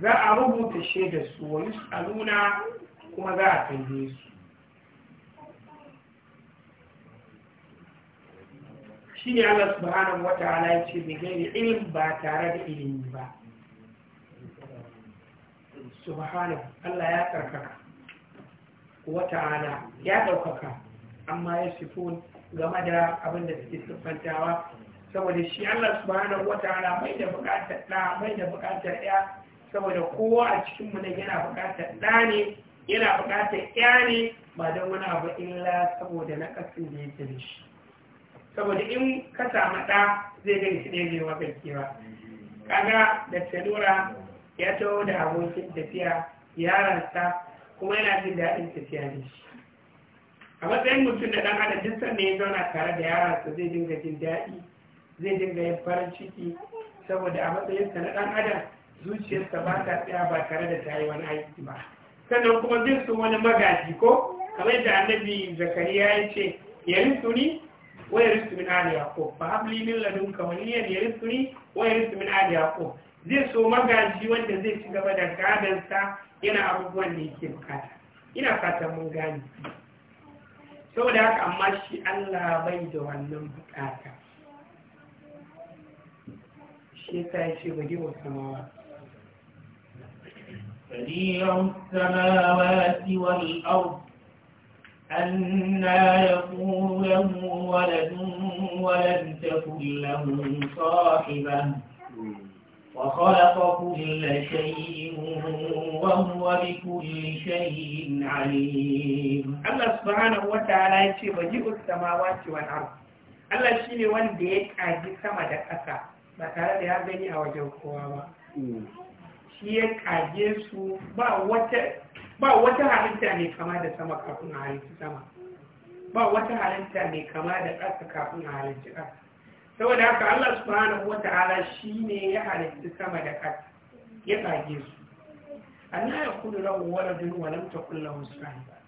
A: za a rubuta shaida su a nuna kuma za a tambaye su shi ne Allah subhanahu wa ta'ala ya ce bai gani ilim ba tare da ilimi ba subhanahu Allah ya karkaka wata'ala ya ɗaukaka amma ya sifu game da abin da suke siffantawa saboda shi Allah subhanahu wata'ala mai da buƙatar ɗa mai da buƙatar ɗaya saboda kowa a cikin mu yana buƙatar ɗa ne yana buƙatar ɗaya ne ba don wani abu illa saboda na kasin da yake da shi saboda in ka samu ɗa zai ga shi ne zai wakankewa kaga da talura ya tawo da abokin tafiya yaransa kuma yana jin daɗin tafiya da shi a matsayin mutum da ɗan adam duk sanda ya zauna tare da su zai dinga jin daɗi zai dinga yin farin ciki saboda a matsayinsa na ɗan adam zuciyarsa ba ta tsaya ba tare da ta yi wani aiki ba sannan kuma zai so wani magaji ko kamar yadda annabi zakariya ya ce ya risuni wa ya risu min ali yaqub fa habli min ka wani ya risuni wa ya risu min ali yaqub zai so magaji wanda zai ci gaba da gadansa yana abubuwan da yake bukata ina fatan mun gani saboda haka amma shi Allah bai da wannan bukata shi yasa ya ce bari wa samawa
B: بديع السماوات والأرض أنا يكون له ولد ولم تكن له صاحبة وخلق كل شيء وهو بكل شيء عليم الله سبحانه
A: وتعالى يشي بديع السماوات والأرض Allah shi ne wanda ya ƙaji sama da ƙasa ba tare da ya gani a wajen kowa ba. Shi ya ƙaje su ba wata halitta mai kama da sama kafin a halitta sama. Ba wata halitta mai kama da ƙasa kafin a halitta ƙasa. saboda haka Allah subhanahu wata'ala ne ya halittu sama da ƙasa ya tsage su Allah ya kullu lahu waladun wa lam takul lahu sahiba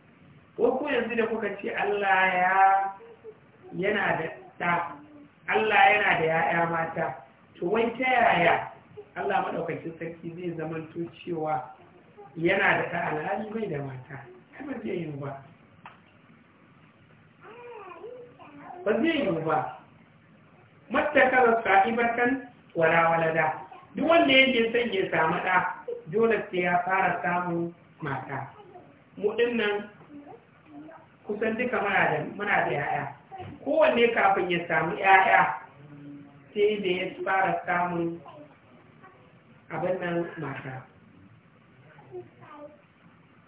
A: ko ko yanzu da kuka ce Allah yana da ya'ya mata to wai ta yaya Allah madaukakin sarki zai zamanto cewa yana da ta alhali bai da mata ba zai yi ba ba zai yi ba mattakala sa'ibatan wala wala da, duk wanda yake son ya samu ɗa dole sai ya fara samun mata mu nan kusan duka muna da yaya kowanne kafin ya samu yaya sai da ya fara samun abin nan mata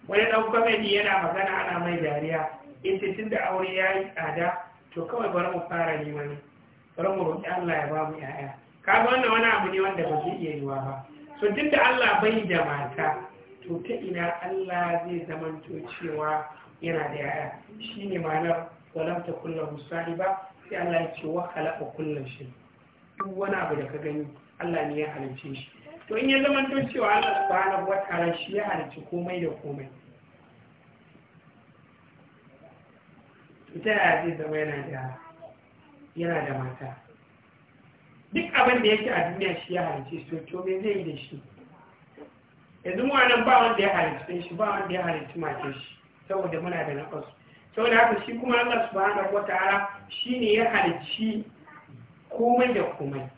A: wani ɗan kwamedi yana magana ana mai dariya in da aure ya yi tsada to kawai bari mu fara neman bari mu roƙi Allah ya ba mu ƴaƴa kaga wannan wani abu ne wanda ba zai iya yiwa ba so duk da Allah bai da mata to ta ina Allah zai zamanto cewa yana da ƴaƴa shine ma'anar walam ta kullahu ba? sai Allah ya ce wa khalaqa kullum shi. duk wani abu da ka gani Allah ne ya halicce shi to in ya zama cewa Allah subhanahu wataala shi ya halicci komai da komai to ta yaya zai zama yana da yana da mata duk abin da yake a duniya shi ya halice su to me zai yi da shi yanzu mu nan ba wanda ya halice shi ba wanda ya halice matar shi saboda muna da nakasu saboda haka shi kuma Allah subhanahu wataala shine ya halici komai da komai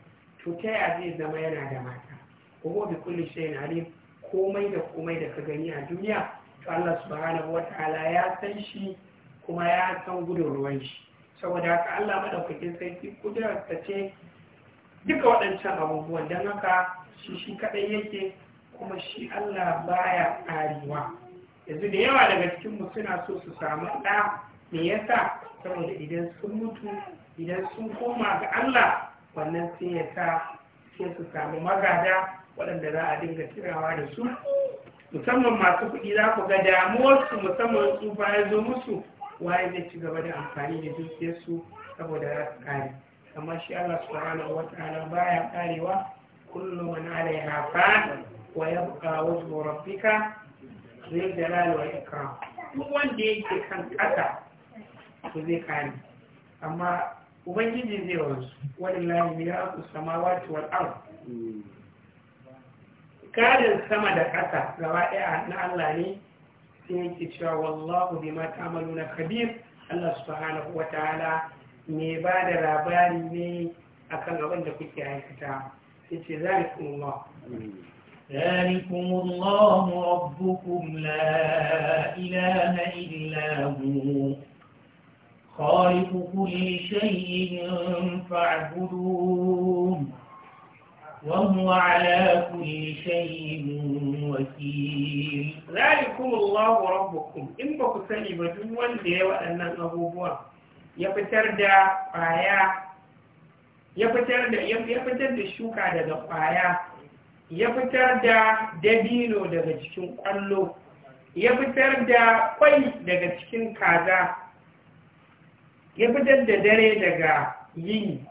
A: to ta yaya zai zama yana da mata kuma bi kulli shay'in alim komai da komai da ka gani a duniya to Allah subhanahu wataala ya san shi kuma ya san gudun ruwan shi saboda haka Allah madaukakin sarki kudurar ta ce duka waɗancan abubuwan don haka shi shi kaɗai yake kuma shi Allah baya ƙarewa yanzu da yawa daga cikin mu suna so su samu ɗa me yasa saboda idan sun mutu idan sun koma ga Allah wannan sai ya sa sai su samu magada waɗanda za a dinga tirawa da su musamman masu kuɗi za ku ga damuwarsu musamman tsufa ya zo musu waye zai ci gaba da amfani da dukiyarsu saboda za su kare Kamar shi Allah subhanahu wa ta'ala baya karewa kullu man alayha fa wa yabqa wajhu rabbika zai jalali wa ikram duk wanda yake kan ƙasa to zai kare amma ubangiji zai wanzu walillahi miraku samawati wal ard karin sama da ƙasa gaba ɗaya na Allah ne sai yake cewa wallahu bima ta'maluna khabir Allah subhanahu wa ta'ala me ba da labari ne akan abin da kuke aikata
B: sai ce zalikum Allah
A: ذلكم
B: الله ربكم لا إله إلا هو خالق كل شيء فاعبدوه وهو على كل شيء وكيل
A: ذلكم الله ربكم إن بكتني بجوان دي وأن الأبوبوا يفتر دا قايا يفتر دا يفتر دا شوكا دا قايا يفتر دا دبينو دا جشن قلو يفتر دا قوي دا جشن كذا يفتر دا دري دا يين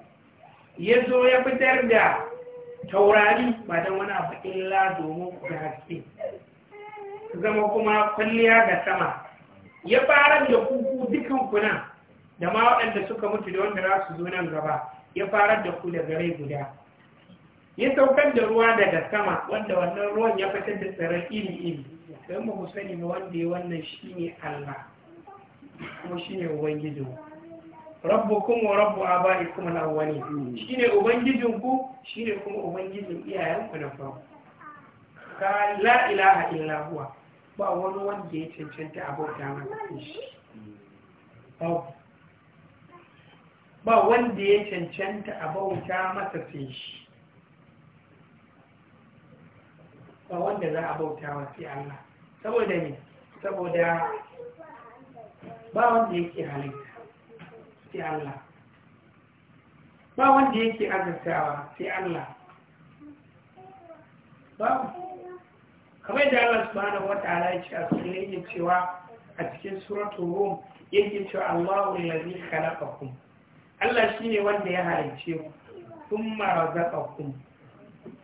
A: يزو يفتر دا taurari ba don wani abu illa domin ku da haske zama kuma kwalliya ga sama ya fara da kuku dukan kuna da ma waɗanda suka mutu da wanda za zo nan gaba ya fara da ku da gare guda ya saukar da ruwa daga sama wanda wannan ruwan ya fitar da tsirar iri iri sai mu sani wanda ya wannan shine Allah kuma shine ubangiji mu rabbukum wa rabbu abaikum al-awwalin hmm. shine ubangijin ku shine kuma ubangijin iyayen ku na farko ka la ilaha illa huwa ba wani wanda ya cancanta abota maka shi ba wanda ya cancanta bauta masa sai shi ba wanda za a bauta wa sai Allah saboda ne saboda ba wanda yake halitta sai Allah ba wanda yake azurtawa sai Allah ba kamar da Allah subhanahu wataala ya ce a cikin yake cewa a cikin suratul rum yake cewa Allahu allazi khalaqakum Allah shine wanda ya halicce ku thumma razaqakum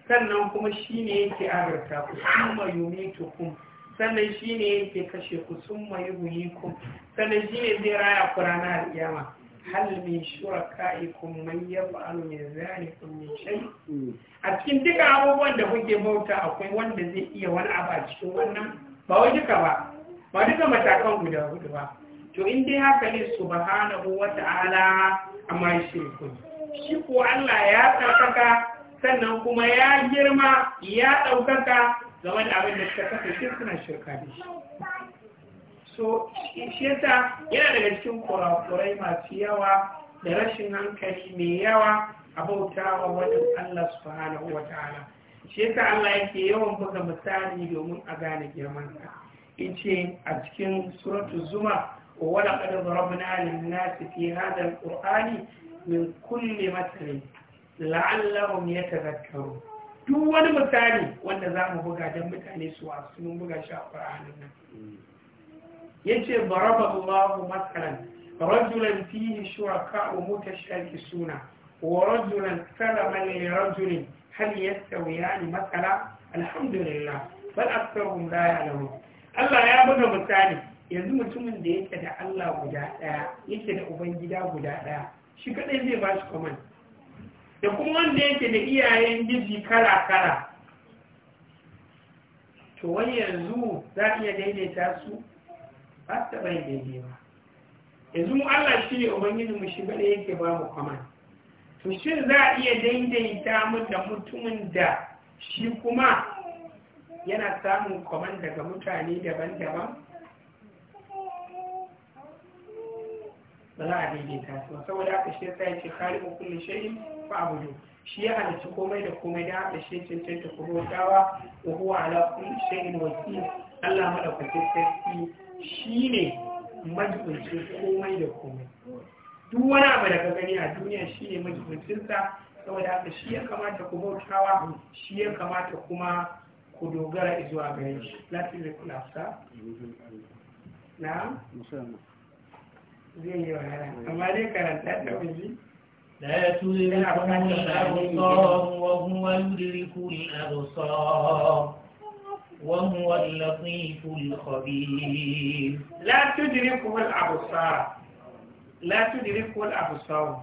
A: sannan kuma shine yake azurta ku thumma yumitukum sannan shine yake kashe ku thumma yuhyikum sannan shine zai raya ku ranar kiyama hal min shuraka'ikum man yaf'alu min zalikum min shay a cikin duka abubuwan da kuke bauta akwai wanda zai iya wani abu a cikin wannan ba wai duka ba ba duka matakan guda hudu ba to in dai haka ne subhanahu wa ta'ala amma shirku shi ko Allah ya tsarkaka sannan kuma ya girma ya ɗaukaka game da abin da suka kasa shirka shirka da shi so shi yana daga cikin kurakurai masu yawa da rashin hankali mai yawa a bautawa wajen Allah subhanahu wa ta'ala shi Allah yake yawan buga misali domin a gane girman sa ce a cikin suratu zuma wa laqad darabna lin-nasi fi hadha al-qur'ani min kulli matsalin la'allahum yatadhakkaru duk wani misali wanda za mu buga don mutane su wasu mun buga shi a nan yace baraba Allahu masalan rajulan fihi shuraka'u mutashakisuna wa rajulan salama li rajulin hal yastawiyani masala alhamdulillah bal aktharuhum la ya'lamun Allah ya buga misali yanzu mutumin da yake da Allah guda daya yake da ubangida guda daya shi kadai zai ba shi command da kuma wanda yake da iyayen giji kala kala to wani yanzu za a iya daidaita su ba ta taɓa daidai ba yanzu mu Allah shi ne ubangijinmu shi bane yake ba mu kwaman to shin za a iya daidaita mu da mutumin da shi kuma yana samun kwaman daga mutane daban-daban ba za a daidaita su ba saboda haka shi ya yasa yace khaliqu kulli shay'in fa'budu shi ya halarci komai da komai da haka shi cancanta ku bautawa wa huwa ala kulli shay'in wakil Allah madaukakin sarki shi ne majibincin komai da komai duk wani abu da gani a duniya shi ne majibincinsa saboda haka shi ya kamata ku bautawa shi ya kamata kuma ku dogara izuwa gare shi latin da kulafsa na zai yi wahala amma dai karanta da wani
B: لا تدركه الأبصار وهو يدرك الأبصار وهو اللطيف الخبير لا تدركه الأبصار لا
A: تدركه الأبصار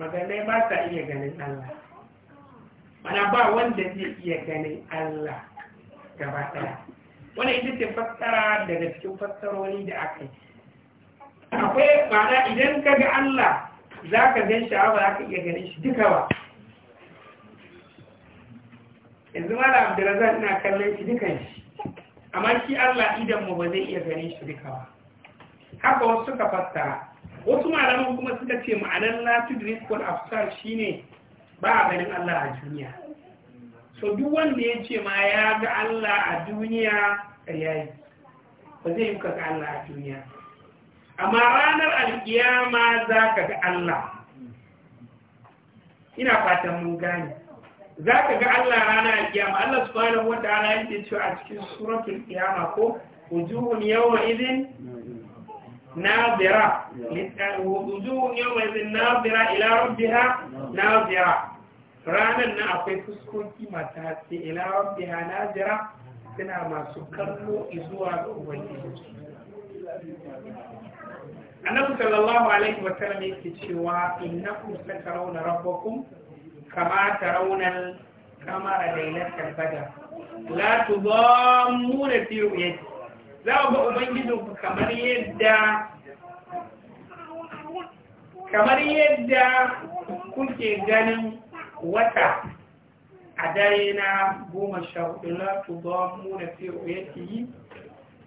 A: ما قال ta iya ganin Allah mana ba wanda zai iya الله Allah wani idan ce fassara daga cikin fassaroli da aka yi akwai mana idan ka ga Allah za ka gan shi ba za ka iya ganin shi duka ba yanzu mala abdulrazak ina kallon shi dukan shi amma shi allah idan mu ba zai iya gani shi duka ba haka wasu suka fassara wasu malaman kuma suka ce ma'anar latin wal afsar shine ba a ganin allah a duniya so duk wanda ya ce ma ya ga allah a duniya yi. ba zai yi ka ga allah a duniya amma ranar alkiyama za ka ga allah ina fatan mun gane za ka ga Allah rana a kiyama Allah wata ana yake ce a cikin suratul kiyama ko wujuhun yawma idin nazira wujuhun na idin nazira ila rabbiha nazira ranar nan akwai fuskoki masu haske ila rabbiha nazira suna masu kallo izuwa ga ubangiji
C: annabi sallallahu
A: alaihi wa sallam yake cewa innakum satarawna rabbakum kama tarawunan kamara lailatul badr la tudammuna fi ru'yati za ku ga Ubangiji kamar yadda kamar yadda kuke ganin wata a dare na goma sha hudu na tubamu da yake yi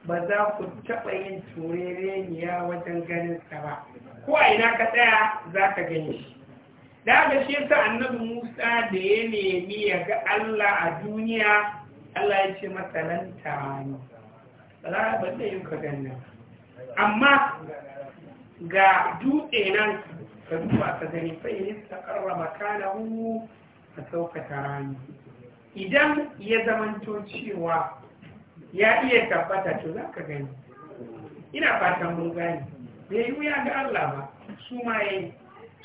A: ba za ku taɓa yin ya wajen ganin sa ba ko a ina ka tsaya za ka gani shi da ga shi yasa annabi Musa da ya nemi ya ga Allah a duniya Allah ya ce masa nan ba da yi ka ganna
B: amma
A: ga dutse nan ka duba ka gani fa in ta karrama kana hu a sauka tarani idan ya zamanto cewa ya iya tabbata to za ka gani ina fatan mun gani bai yi wuya ga Allah ba su ma yayi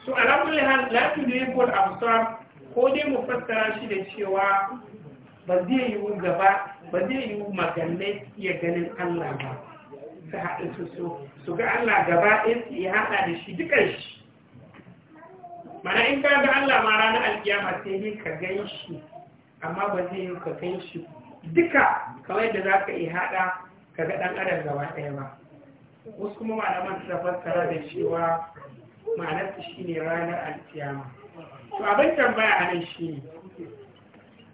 A: so alhamdulillah hal la tudrikul absar ko dai mu fassara shi da cewa ba zai yiwu gaba ba zai yiwu maganai iya ganin Allah ba su haɗu su so su ga Allah gaba ɗin su ya haɗa da shi dukan shi mana in ka ga Allah ma ranar alkiyama sai dai ka gan shi amma ba zai yiwu ka gan shi duka kawai da za ka iya haɗa ka ga ɗan adam gaba ɗaya ba wasu kuma malaman da fassara da cewa shi ne ranar alkiyama to abin tambaya a nan shine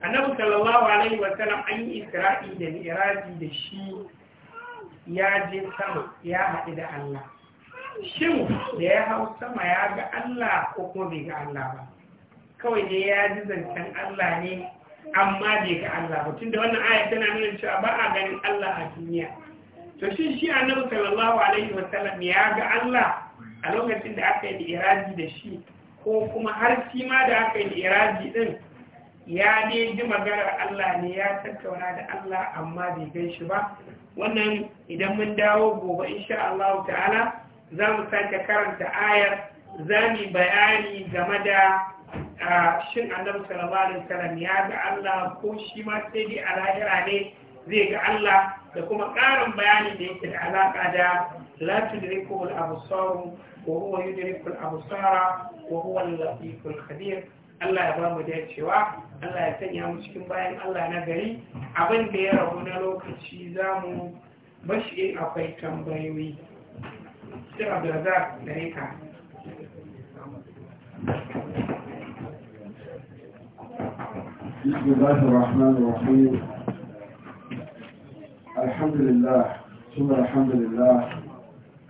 A: annabi sallallahu alaihi wasallam an yi isra'i da mi'raji da shi ya je sama ya haɗu da Allah shin da ya hau sama ya ga Allah ko kuma bai ga Allah ba kawai dai ya ji zancen Allah ne amma bai ga Allah ba tunda wannan aya tana nuna cewa ba a ganin Allah a duniya to shin shi annabi sallallahu alaihi wasallam ya ga Allah a lokacin da aka yi iraji da shi ko kuma har shi ma da aka yi iraji din ya ne ji maganar Allah ne ya tattauna da Allah amma bai gan shi ba wannan idan mun dawo gobe insha Allah ta'ala za mu sake karanta ayar za mu bayani game da shin annabi sallallahu alaihi wasallam ya ga Allah ko shi ma sai dai a lahira ne zai ga Allah da kuma ƙarin bayani da yake da alaƙa da latin la tudrikul absar وهو يدرك الأبصار وهو اللطيف الخبير Allah ya ba mu dacewa Allah ya sanya mu cikin bayan Allah na gari abin da ya rabu na lokaci za mu bashi akwai tambayoyi sai Abdulrazak gare ka
C: بسم الله الرحمن الرحيم الحمد لله ثم الحمد لله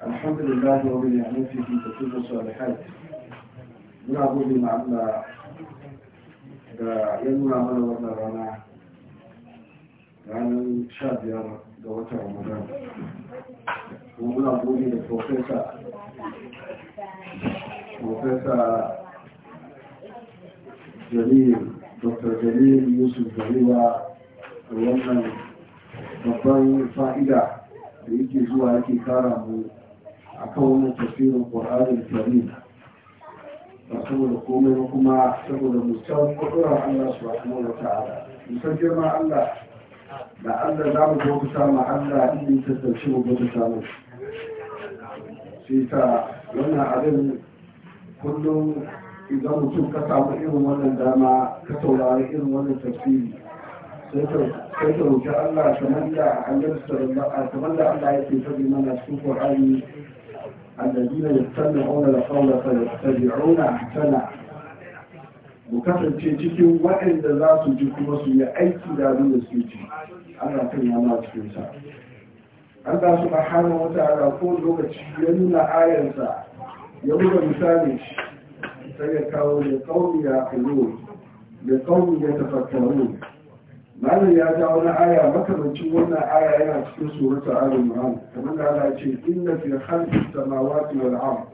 C: الحمد لله وبنعمته تتم الصالحات muna gode ma Allah da ya nuna mana wannan rana ranar sha biyar ga watan Ramadan kuma profesa profesa Yusuf Gariwa da wannan babban fa'ida da yake zuwa yake kara mu a kan wannan tafsirin ƙwararren karim ba saboda komai ba kuma saboda musamman ƙwarar allah su wasu wata ta'ala musan girma allah da allah za mu kusa ma allah inda ta tarshe mu kusa mu sai ta wannan abin kullum idan mutum ka samu irin wannan dama ka taurari irin wannan tafsiri sai ta roƙi Allah kamar da Allah kamar da Allah ya ce sabi mana cikin Qur'ani الذين يستمعون a فيتبعون احسنه mu kasance cikin waɗanda za su ji kuma su yi aiki da abin da su ji ana kan yana cikin sa an da su bahana wata ala ko lokaci ya nuna ayarsa ya buga misali sai ya kawo da kauni ya kayo da malam ya ja wani aya makamancin wannan aya yana cikin surata ali imran kamar da Allah ya ce inna fi khalqis samawati wal ard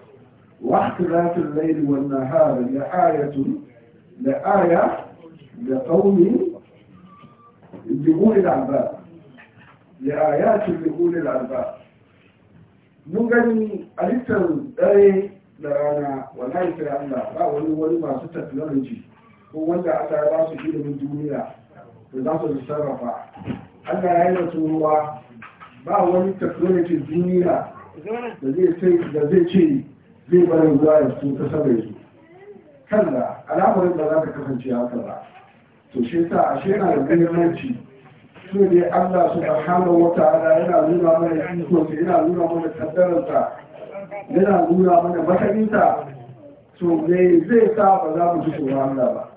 C: wa ikhtilafil layli wan nahari la ayatun la aya la qaumin yuqul al albab la ayatun yuqul al albab mun gani alittar dare da rana wallahi sai Allah ba wani wani masu technology ko wanda aka ba su ilimin duniya da za su sarrafa Allah ya yi wasu ruwa ba wani technology duniya da zai ce zai bari ruwa ya su ta saba su kalla al'amarin da za ka kasance haka ba to shi sa a shi yana da muhimmanci su ne Allah subhanahu wata ta'ala yana nuna mana ikonsa yana nuna mana kaddararsa yana nuna mana matsalinsa to me zai sa ba za mu ji tsoron Allah ba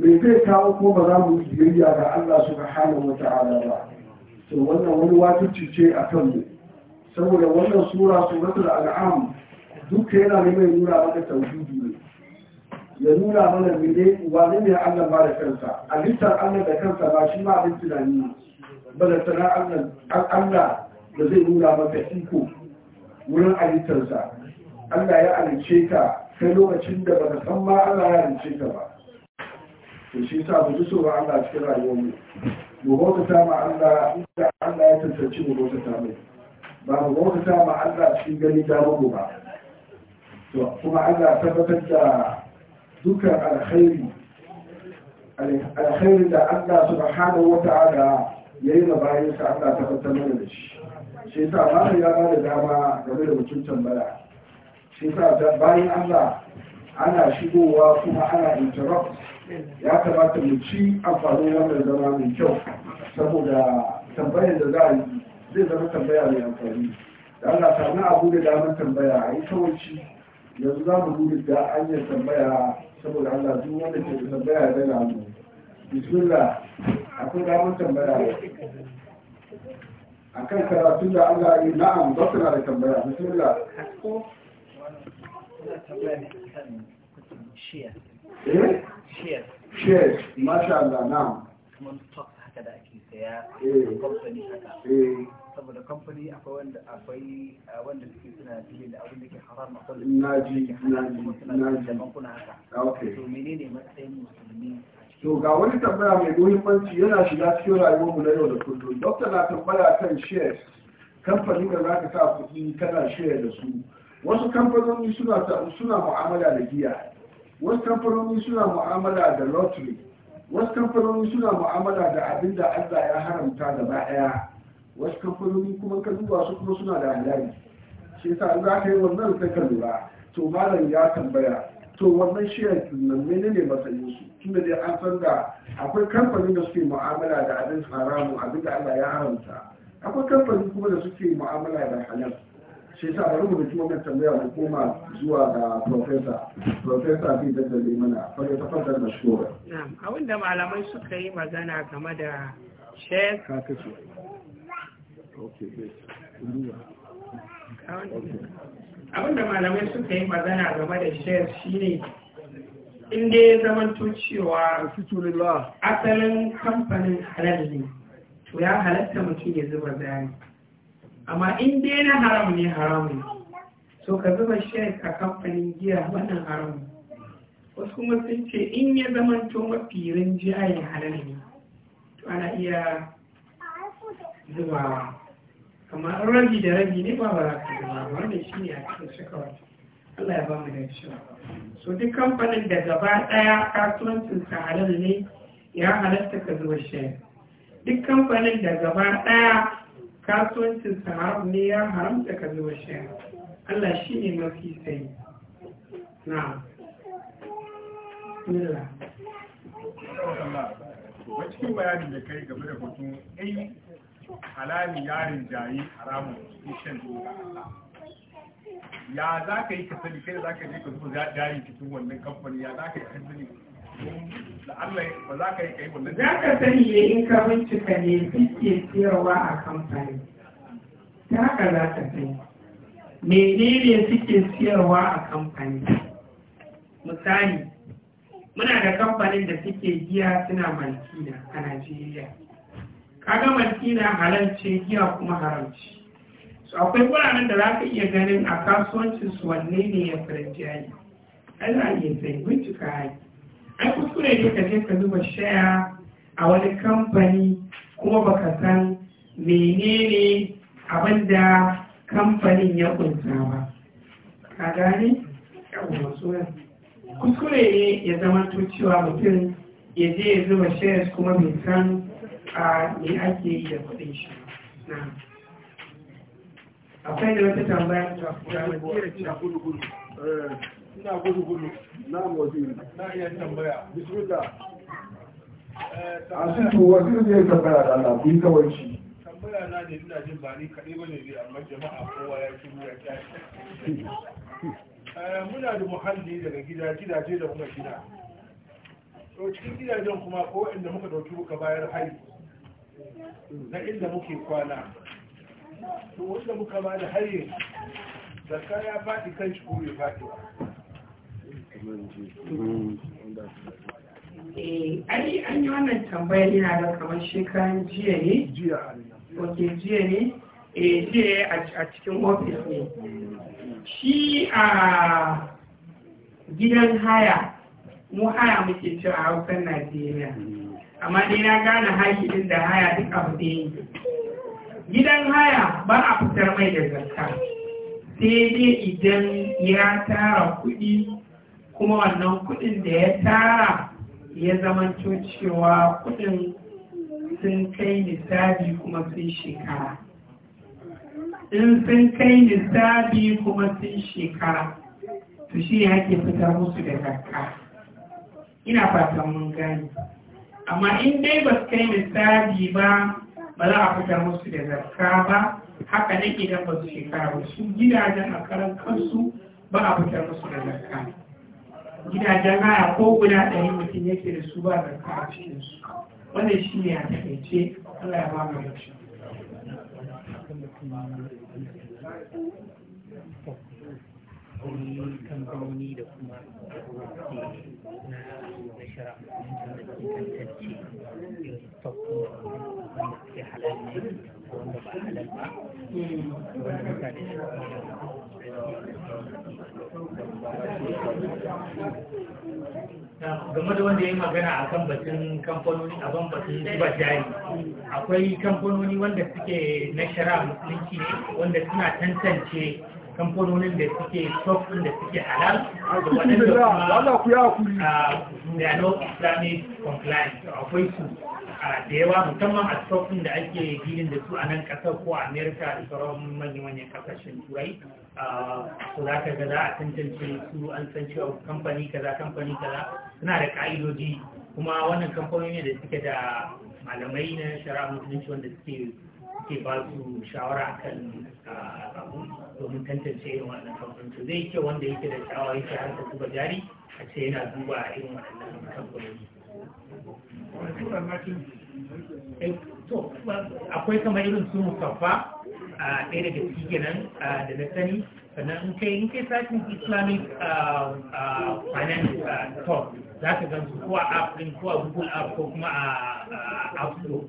C: mai zai kawo ko ba za mu yi biyayya ga Allah subhanahu wa ta'ala ba to wannan wani wajibi ce a kan mu saboda wannan sura suratul al'am duka yana mai nuna maka tauhidi ne ya nuna mana mai mene wani ne Allah ba da kansa a littar Allah da kansa ba shi ma abin tunani ne ba da tana Allah da zai nuna maka iko wurin a Allah ya alice ka kai lokacin da baka san ma Allah ya alice ka ba to shi sa mu ji tsoron Allah cikin rayuwarmu mu bauta ma Allah inda Allah ya tantance mu bauta mai ba mu bauta ma Allah cikin gani da mu ba to kuma Allah tabbatar da dukkan alkhairi alkhairi da Allah subhanahu wata'ala yayi ma bayan sa Allah tabbatar mana da shi shi sa ba ya ba da dama game da mutum tambaya shi sa bayan Allah ana shigowa kuma ana interrupt ya kamata mu ci amfani wannan zama mai kyau saboda tambayar da za a yi zai zama tambaya mai amfani da Allah sami abu da damar tambaya a yi kawanci yanzu za mu buɗe da hanyar tambaya saboda Allah duk wanda ke da tambaya da daga mu bismillah akwai damar tambaya a kan karatun da Allah yi na'am ba suna da tambaya bismillah eh shares shares Allah na
B: kamar da ake eh. a kamfani haka kamfani eh. akwai wanda akwai ah, wanda suke suna fili da abin da ke haram akwai da da bankuna haka to menene matsayin musulmi
C: to ga wani tambaya mai muhimmanci yana shiga cikin rayuwar mu na yau da kullum dokta na tambaya kan shares kamfani da za ka sa kuɗi kana share da su wasu kamfanoni suna suna mu'amala da giya wasu kamfanoni suna mu'amala da lottery wasu kamfanoni suna mu'amala da abin da allah ya haramta da ɗaya wasu kamfanoni kuma ka duba su kuma suna da halali shi yasa za ka yi wannan sai ka lura to malam ya tambaya to wannan shiyar nan menene matsayin su tunda dai an san da akwai kamfanin da suke mu'amala da abin haramu abin da allah ya haramta akwai kamfanin kuma da suke mu'amala da halal shi sa a rubuta kuma mai tambaya da koma zuwa ga profesa profesa da daddale mana fage ta fadar da shura
A: abin da malamai suka yi magana game da shek abin da malamai suka yi magana game da shek shine inda ya to cewa asalin kamfanin halal ne to ya halatta mutum ya zuba bayani amma in dai na haram ne haram ne so ka zuba shek a kamfanin giya wannan haram wasu kuma sun ce in ya zama to mafi ya halal ne to ana iya zubawa amma rabi da rabi ne ba ba za ka zuba wannan shi ne a cikin shakawar Allah ya ba mu da shi so duk kamfanin da gaba ɗaya kasuwancinsa halal ne ya halatta ka zuba shek duk kamfanin da gaba ɗaya kasuwancin haram ne ya haramta ka zuba shayi Allah shi ne mafi sai na Bismillah.
C: Wa cikin bayani da kai game da hoton ai halali yarin jayi haramun cikin doka ya za ka yi kasali sani kai za ka je ka zuba jari cikin wannan kamfani ya za ka yi kasali? za
A: ka ka sani ne in ka bincika ne suke siyarwa a kamfani ta haka za ka sani menene suke siyarwa a kamfani misali muna da kamfanin da suke giya suna malkina a najeriya kaga malkina halal halarci giya kuma haramci. Su akwai wuraren da za ka iya ganin a kasuwancinsu wanne ne ya farin jayi ana iya sai bincika haki ai kuskure ne ka je ka zuba shaya a wani kamfani kuma baka san menene abin da kamfanin ya kunsa ba ka gane yawon sunan kuskure ne ya zama to cewa mutum ya je ya zuba shayas kuma bai san a me ake yi da kudin shi na akwai da wata tambaya ta kura da
C: ina gudu gudu na wajen na iya tambaya bismillah eh, a cikin wajen zai tambaya da Allah kun kawai shi tambaya na ne ina jin ba ni kaɗai ba ne dai amma jama'a kowa ya ci ya ci eh, muna da muhalli daga gida gidaje da kuma gida to cikin gidajen kuma ko inda muka dauki muka bayar hari na inda muke kwana to wanda muka ba da hari zakka ya faɗi kan shi ko bai faɗi
A: Eh, ai an yi wannan tambayar yana da kamar shekaran jiya ne jiya ne, jiya ne eh, jiya a cikin ofis ne shi a gidan haya mu haya muke ci a hausar najeriya amma dai na gane hayi din da haya duk abu da yi gidan haya ba a fitar mai da zakka sai dai idan ya tara kuɗi kuma wannan kuɗin da ya tara ya zamanto cewa kuɗin sun kai nisabi kuma sun shekara in sun kai nisabi kuma sun shekara to shi ya ke fitar musu da zakka ina fatan mun gani amma in dai ba su kai nisabi ba ba za a fitar musu da zakka ba haka ne idan ba su shekara ba su gidajen a karan kansu ba a fitar musu da zakka gidajen haya ko guda ɗari mutum yake da su ba da a cikinsu wannan shi ne a takaice Allah ya ba mu da
B: kuma na shara da ke wanda ne ba halal ba wanda game da wanda ya yi magana a kan batun kamfanoni a ban batun zuba jari akwai kamfanoni wanda suke na shara musulunci ne wanda suna tantance kamfanonin da suke din da suke halal da waɗanda kuma a ah, no islamic compliance akwai su ah, da yawa musamman a din da ake ginin da su a nan ƙasar ko a america da sauran manyan manyan ƙasashen turai to za ka za a tantance su an san cewa kamfani kaza kamfani kaza suna da ka'idoji kuma wannan kamfani ne da suke da malamai na shara musulunci wanda suke suke ba su shawara kan abu domin tantance irin wannan to zai kyau wanda yake da shawara yake har da zuba jari a ce yana duba irin waɗannan kamfani eh, to akwai kamar irin su mukaffa ɗaya daga ciki kenan da na sani sannan in kai in kai satin islamic finance talk za ka gan su ko a app din ko a google app ko kuma a app store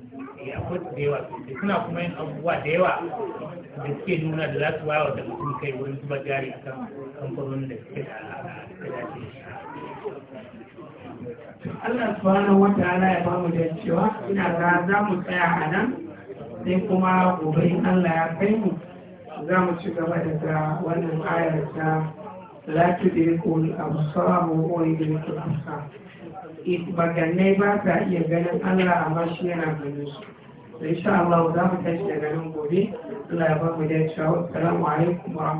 B: ya eh, su da yawa da suna kuma yin abubuwa da yawa da suke nuna da za su wawa da mutum kai wurin zuba jari a kan kamfanonin da suke da dace Allah subhanahu wa
A: ta'ala ya bamu da cewa ina za mu tsaya a nan sai kuma gobe Allah ya kai mu za mu ci gaba da ta wannan ayar ta la tudrikul absar wa yudrikul absar bagannai
B: ba ta iya ganin Allah amma shi yana ganin su da insha Allah za mu tashi daga ganin gobe Allah ya ba mu dacewa salamu alaikum wa